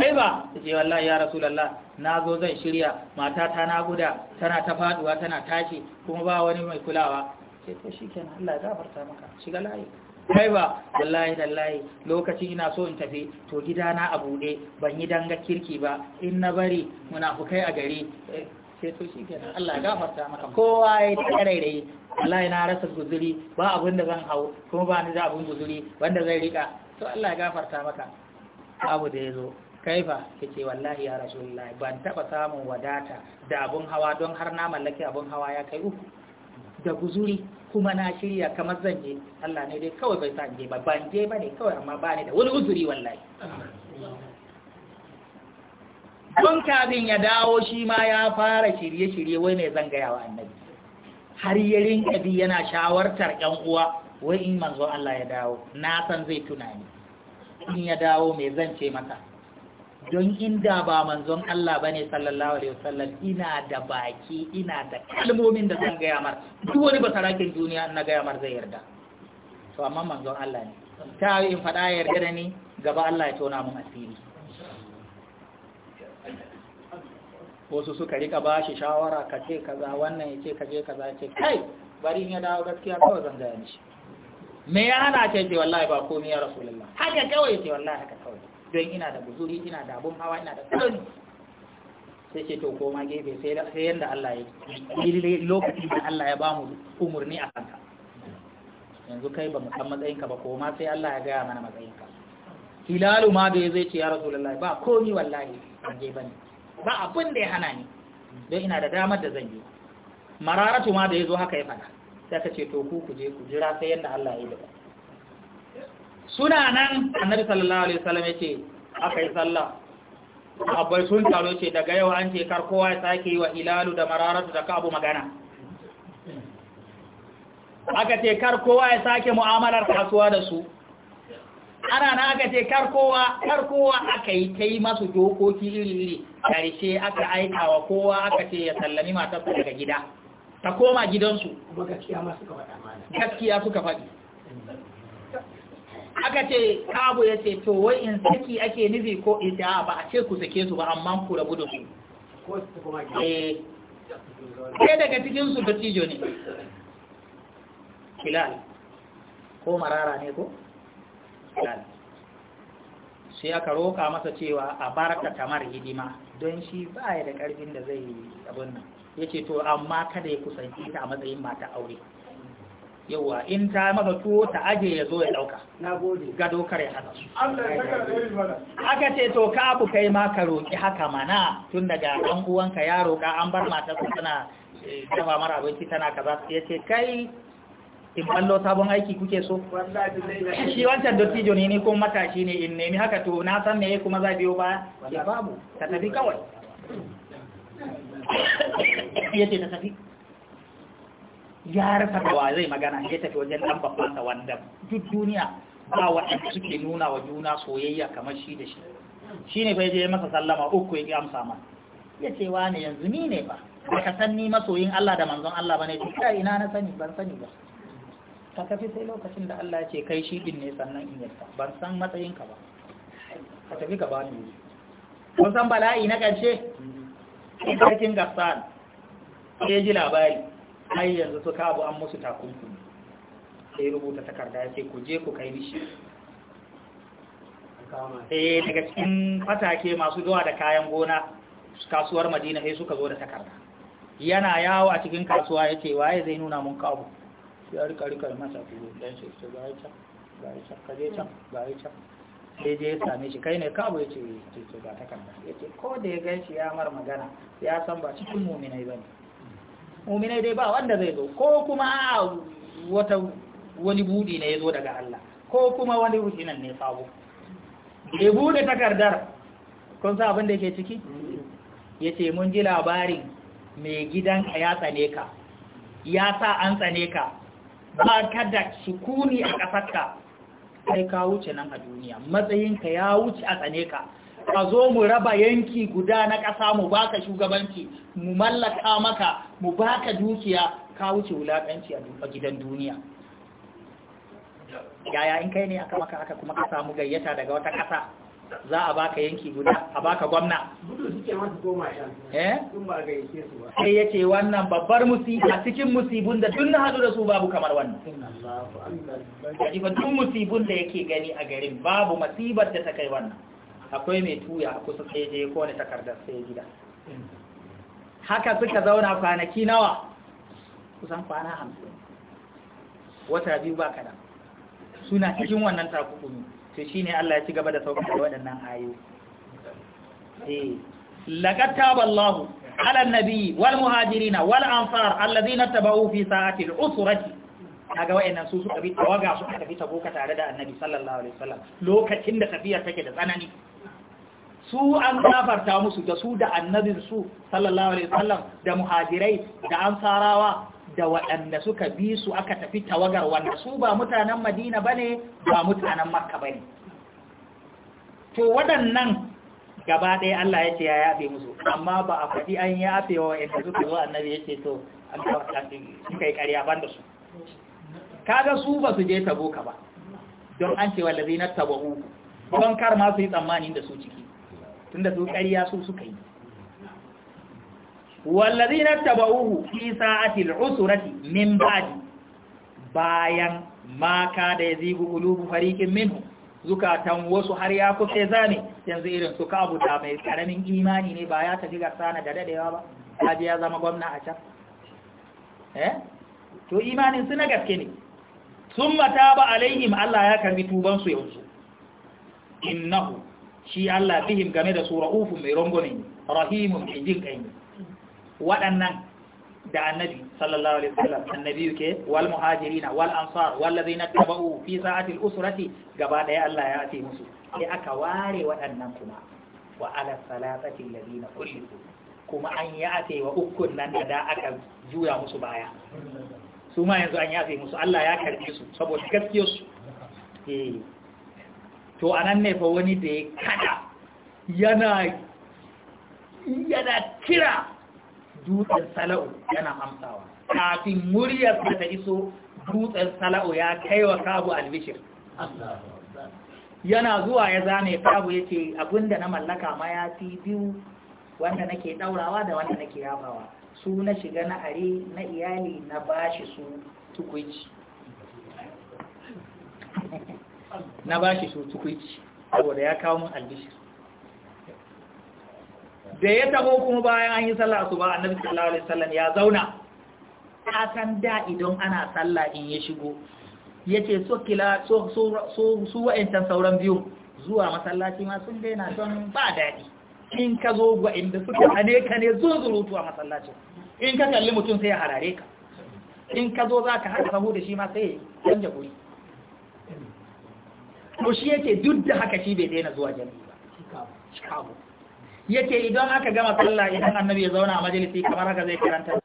kai ba ce wallahi ya rasulullah na zo zan shirya matata na guda tana ta faduwa tana tashi kuma ba wani mai kulawa sai to shikenan Allah gafarta maka shiga layin kai ba wallahi wallahi lokaci ina so in tafi to gidana a bude ban yi danga kirki ba in na bari muna munafukai a gari eh, sai to shi kenan Allah ya gafarta maka kowa ya ta wallahi na rasa guzuri ba abin da zan hau kuma ba ni da abin guzuri wanda zai rika to Allah ya gafarta maka abu da yazo kaifa kace wallahi ya rasulullahi ban taba samun wadata da abun hawa don har na mallaki abun hawa ya kai uku da guzuri kuma na shirya kamar zan je Allah ne dai kawai bai san je ba ban je ba ne kawai amma ba ne da wani uzuri wallahi don kafin ya dawo shi ma ya fara shirye-shirye wai mai zan gaya annabi har ya rinka bi yana shawartar 'yan uwa wai in manzo Allah ya dawo na san zai tuna ni. in ya dawo mai zan ce masa don inda ba manzon Allah bane sallallahu alaihi wasallam ina da baki ina da kalmomin da zan gaya yamar duk wani basarakin duniya na gaya yamar zai yarda to amma manzon Allah ne ta yi in faɗa yarda da ni gaba Allah ya tona mun asiri wasu suka rika ba shi shawara ka ce kaza wannan ya ce ka je kaza ce kai bari in ya dawo gaskiya kawai zan gaya shi. me ya hana ce ce wallahi ba komai ya rasulullah haka kawai ce wallahi haka kawai don ina da buzuri ina da abun hawa ina da kudin sai ce to koma gefe sai yadda Allah ya yi lokacin da Allah ya ba mu umarni a kanka yanzu kai ba mu san matsayinka ba koma sai Allah ya gaya mana matsayinka hilalu ma da ya zai ce ya rasu lallai ba komi wallahi a gefe ne ba abin da ya hana ni don ina da damar da zan yi mararatu ma da ya zo haka ya fada sai ka ce to ku ku je ku jira sai yadda Allah ya yi da suna nan annabi sallallahu alaihi wasallam yace aka yi sallah abai sun taro ce daga yau an ce kar kowa ya sake yi wa hilalu da mararatu da kabu magana aka ce kar kowa ya sake mu'amalar kasuwa da su ana na aka ce kar kowa kar kowa aka yi ta yi masu dokoki iri-iri karshe aka aika wa kowa aka ce ya sallami matarsa daga gida ta koma gidansu gaskiya suka faɗi aka ce kabu ya ce to wai in saki ake nufi ko ita ba a ce ku sake su ba amma ku rabu da su eh daga cikin su dattijo ne kilal ko marara ne ko kilal sai aka roƙa masa cewa a baraka tamar hidima don shi ba ya da ƙarfin da zai abin nan ya ce to amma kada ya kusanci ta a matsayin mata aure yawa in ta maka tuwo ta aje ya zo ya dauka ga dokar ya Haka su aka ce to ka abu kai ma ka roƙi haka mana tun daga ɗan uwanka ya roƙa an bar su tana eh, dafa mara abinci tana kaza ya ce kai in ballo sabon aiki kuke so shi wancan dottijo ne ni kuma matashi ne in nemi haka to na san me kuma za biyo ba ya babu ta tafi kawai Ya ce ta tafi ya rasa da wa zai magana ya tafi wajen ɗan babbansa wanda duk duniya ba waɗanda suke nuna wa juna soyayya kamar shi da shi shi ne bai je masa sallama uku ya amsa ma ya ce wa ne yanzu ni ne ba ba ka san ni masoyin Allah da manzon Allah ba ne duk ina na sani ban sani ba ka tafi sai lokacin da Allah ya ce kai shi din ne sannan in yarda ban san matsayinka ba ka tafi ka bani kun san bala'i na ƙarshe mm-hmm. sarkin gassan ke ji labari ai yanzu su kabu an musu takunkumi sai rubuta takarda ya ce ku je ku kai mishi sai eh, daga cikin fatake masu zuwa da kayan gona kasuwar madina sai suka zo da takarda yana yawo a cikin kasuwa ya ce waye zai nuna mun kabu ya rika rika masa filo dan shi su ga ita ga ita ka je can ga ita sai je ya same shi kai ne kabu ya ce eh, ce ga takarda ya ce ko da ya gaishe ya mar magana ya san ba cikin muminai bane muminai dai ba wanda zai zo ko kuma a wata wani budi ne ya zo daga Allah ko kuma wani nan ne sabo E bude takardar kun sa abin da yake ciki ya ce mun ji labarin mai gidanka ya tsane ka ya sa an tsane ka ba ka da sukuni a kafarka sai ka wuce nan a duniya matsayinka ya wuce a tsane ka ka zo mu raba yanki guda na ƙasa mu baka shugabanci mu mallaka maka mu baka dukiya ka wuce wulaƙanci a gidan duniya yaya in kai ne aka maka aka kuma ka samu gayyata daga wata ƙasa za a baka yanki guda a baka gwamna eh? sai ya ce wannan babbar a cikin musibun da tun hadu da su babu kamar wannan ya ji fa tun musibun da yake gani a garin babu masibar da ta kai wannan akwai mai tuya a kusa sai je ko wani takardar sai gida haka suka zauna kwanaki nawa kusan kwana hamsin wata biyu ba kaɗan suna cikin wannan takukumi to shi ne Allah ya ci gaba da saukar waɗannan ayo eh laqad taballahu ala nabi wal muhajirina wal ansar alladhina tabawu fi sa'ati al-usrati kaga wayannan su suka bi tawaga suka tafi tabuka tare da annabi sallallahu alaihi wasallam lokacin da tafiya take da tsanani su an gafarta musu da su da annabin su sallallahu alaihi wasallam da muhajirai da ansarawa da waɗanda suka bi su aka tafi tawagar wanda su ba mutanen Madina bane ba mutanen Makka bane to waɗannan gaba ɗaya Allah ya ce ya yafe musu amma ba a faɗi an yafe wa waɗanda suka zo annabi ya ce to an gafarta su suka yi ƙarya ban da su kaga su ba su je taboka ba don an ce wallazi na tabahu don kar ma su yi tsammanin da su ciki tunda su ƙarya su suka yi wallazi na taba'uhu fi sa'atil usrati min ba'di bayan maka da yazigu qulubu fariqin minhu zukatan wasu har ya kusa zane yanzu irin su ka mai karamin imani ne ba ya tafi garsana da dadewa ba kaji ya zama gwamna a can eh to imanin su na gaske ne sun mata ba alaihim Allah ya karbi tubansu yanzu innahu shi Allah bihim game da su ra'ufun mai rangwame rahimun mai jin ƙanyi waɗannan da annabi sallallahu alaihi wasallam annabi ke wal muhajirina wal ansar wal ladina tabau fi sa'ati al usrati gaba daya Allah ya ce musu sai aka ware waɗannan kuma wa ala salatati alladina kullu kuma an yafe wa ukun nan da da aka juya musu baya su ma yanzu an yafe musu Allah ya karbe su saboda gaskiyar su eh to a nan ne fa wani da ya kada yana yana kira dutsen sala'u yana amsawa kafin muryar da ta iso dutsen sala'u ya kai wa kabu albishir yana zuwa ya zane kabu yake ce abinda na mallaka mayafi biyu wanda nake daurawa da wanda nake yabawa su na shiga na are na iyali na bashi su tukwici na ba shi tukuici saboda ya kawo mun albishir da ya taho kuma bayan an yi sallah su ba annabi sallallahu alaihi wasallam ya zauna ta san da idan ana sallah in ya shigo yace so kila so so su wa'antan sauran biyu zuwa masallaci ma sun daina don ba daɗi in ka zo ga inda suka hane ka ne zunzurutu a masallacin in ka kalli mutum sai ya harare ka in ka zo za ka haɗa sahu da shi ma sai ya canja to shi yake duk da haka shi bai daina zuwa jami'a ba yake idan aka gama sallah idan annabi ya zauna a majalisi kamar haka zai karanta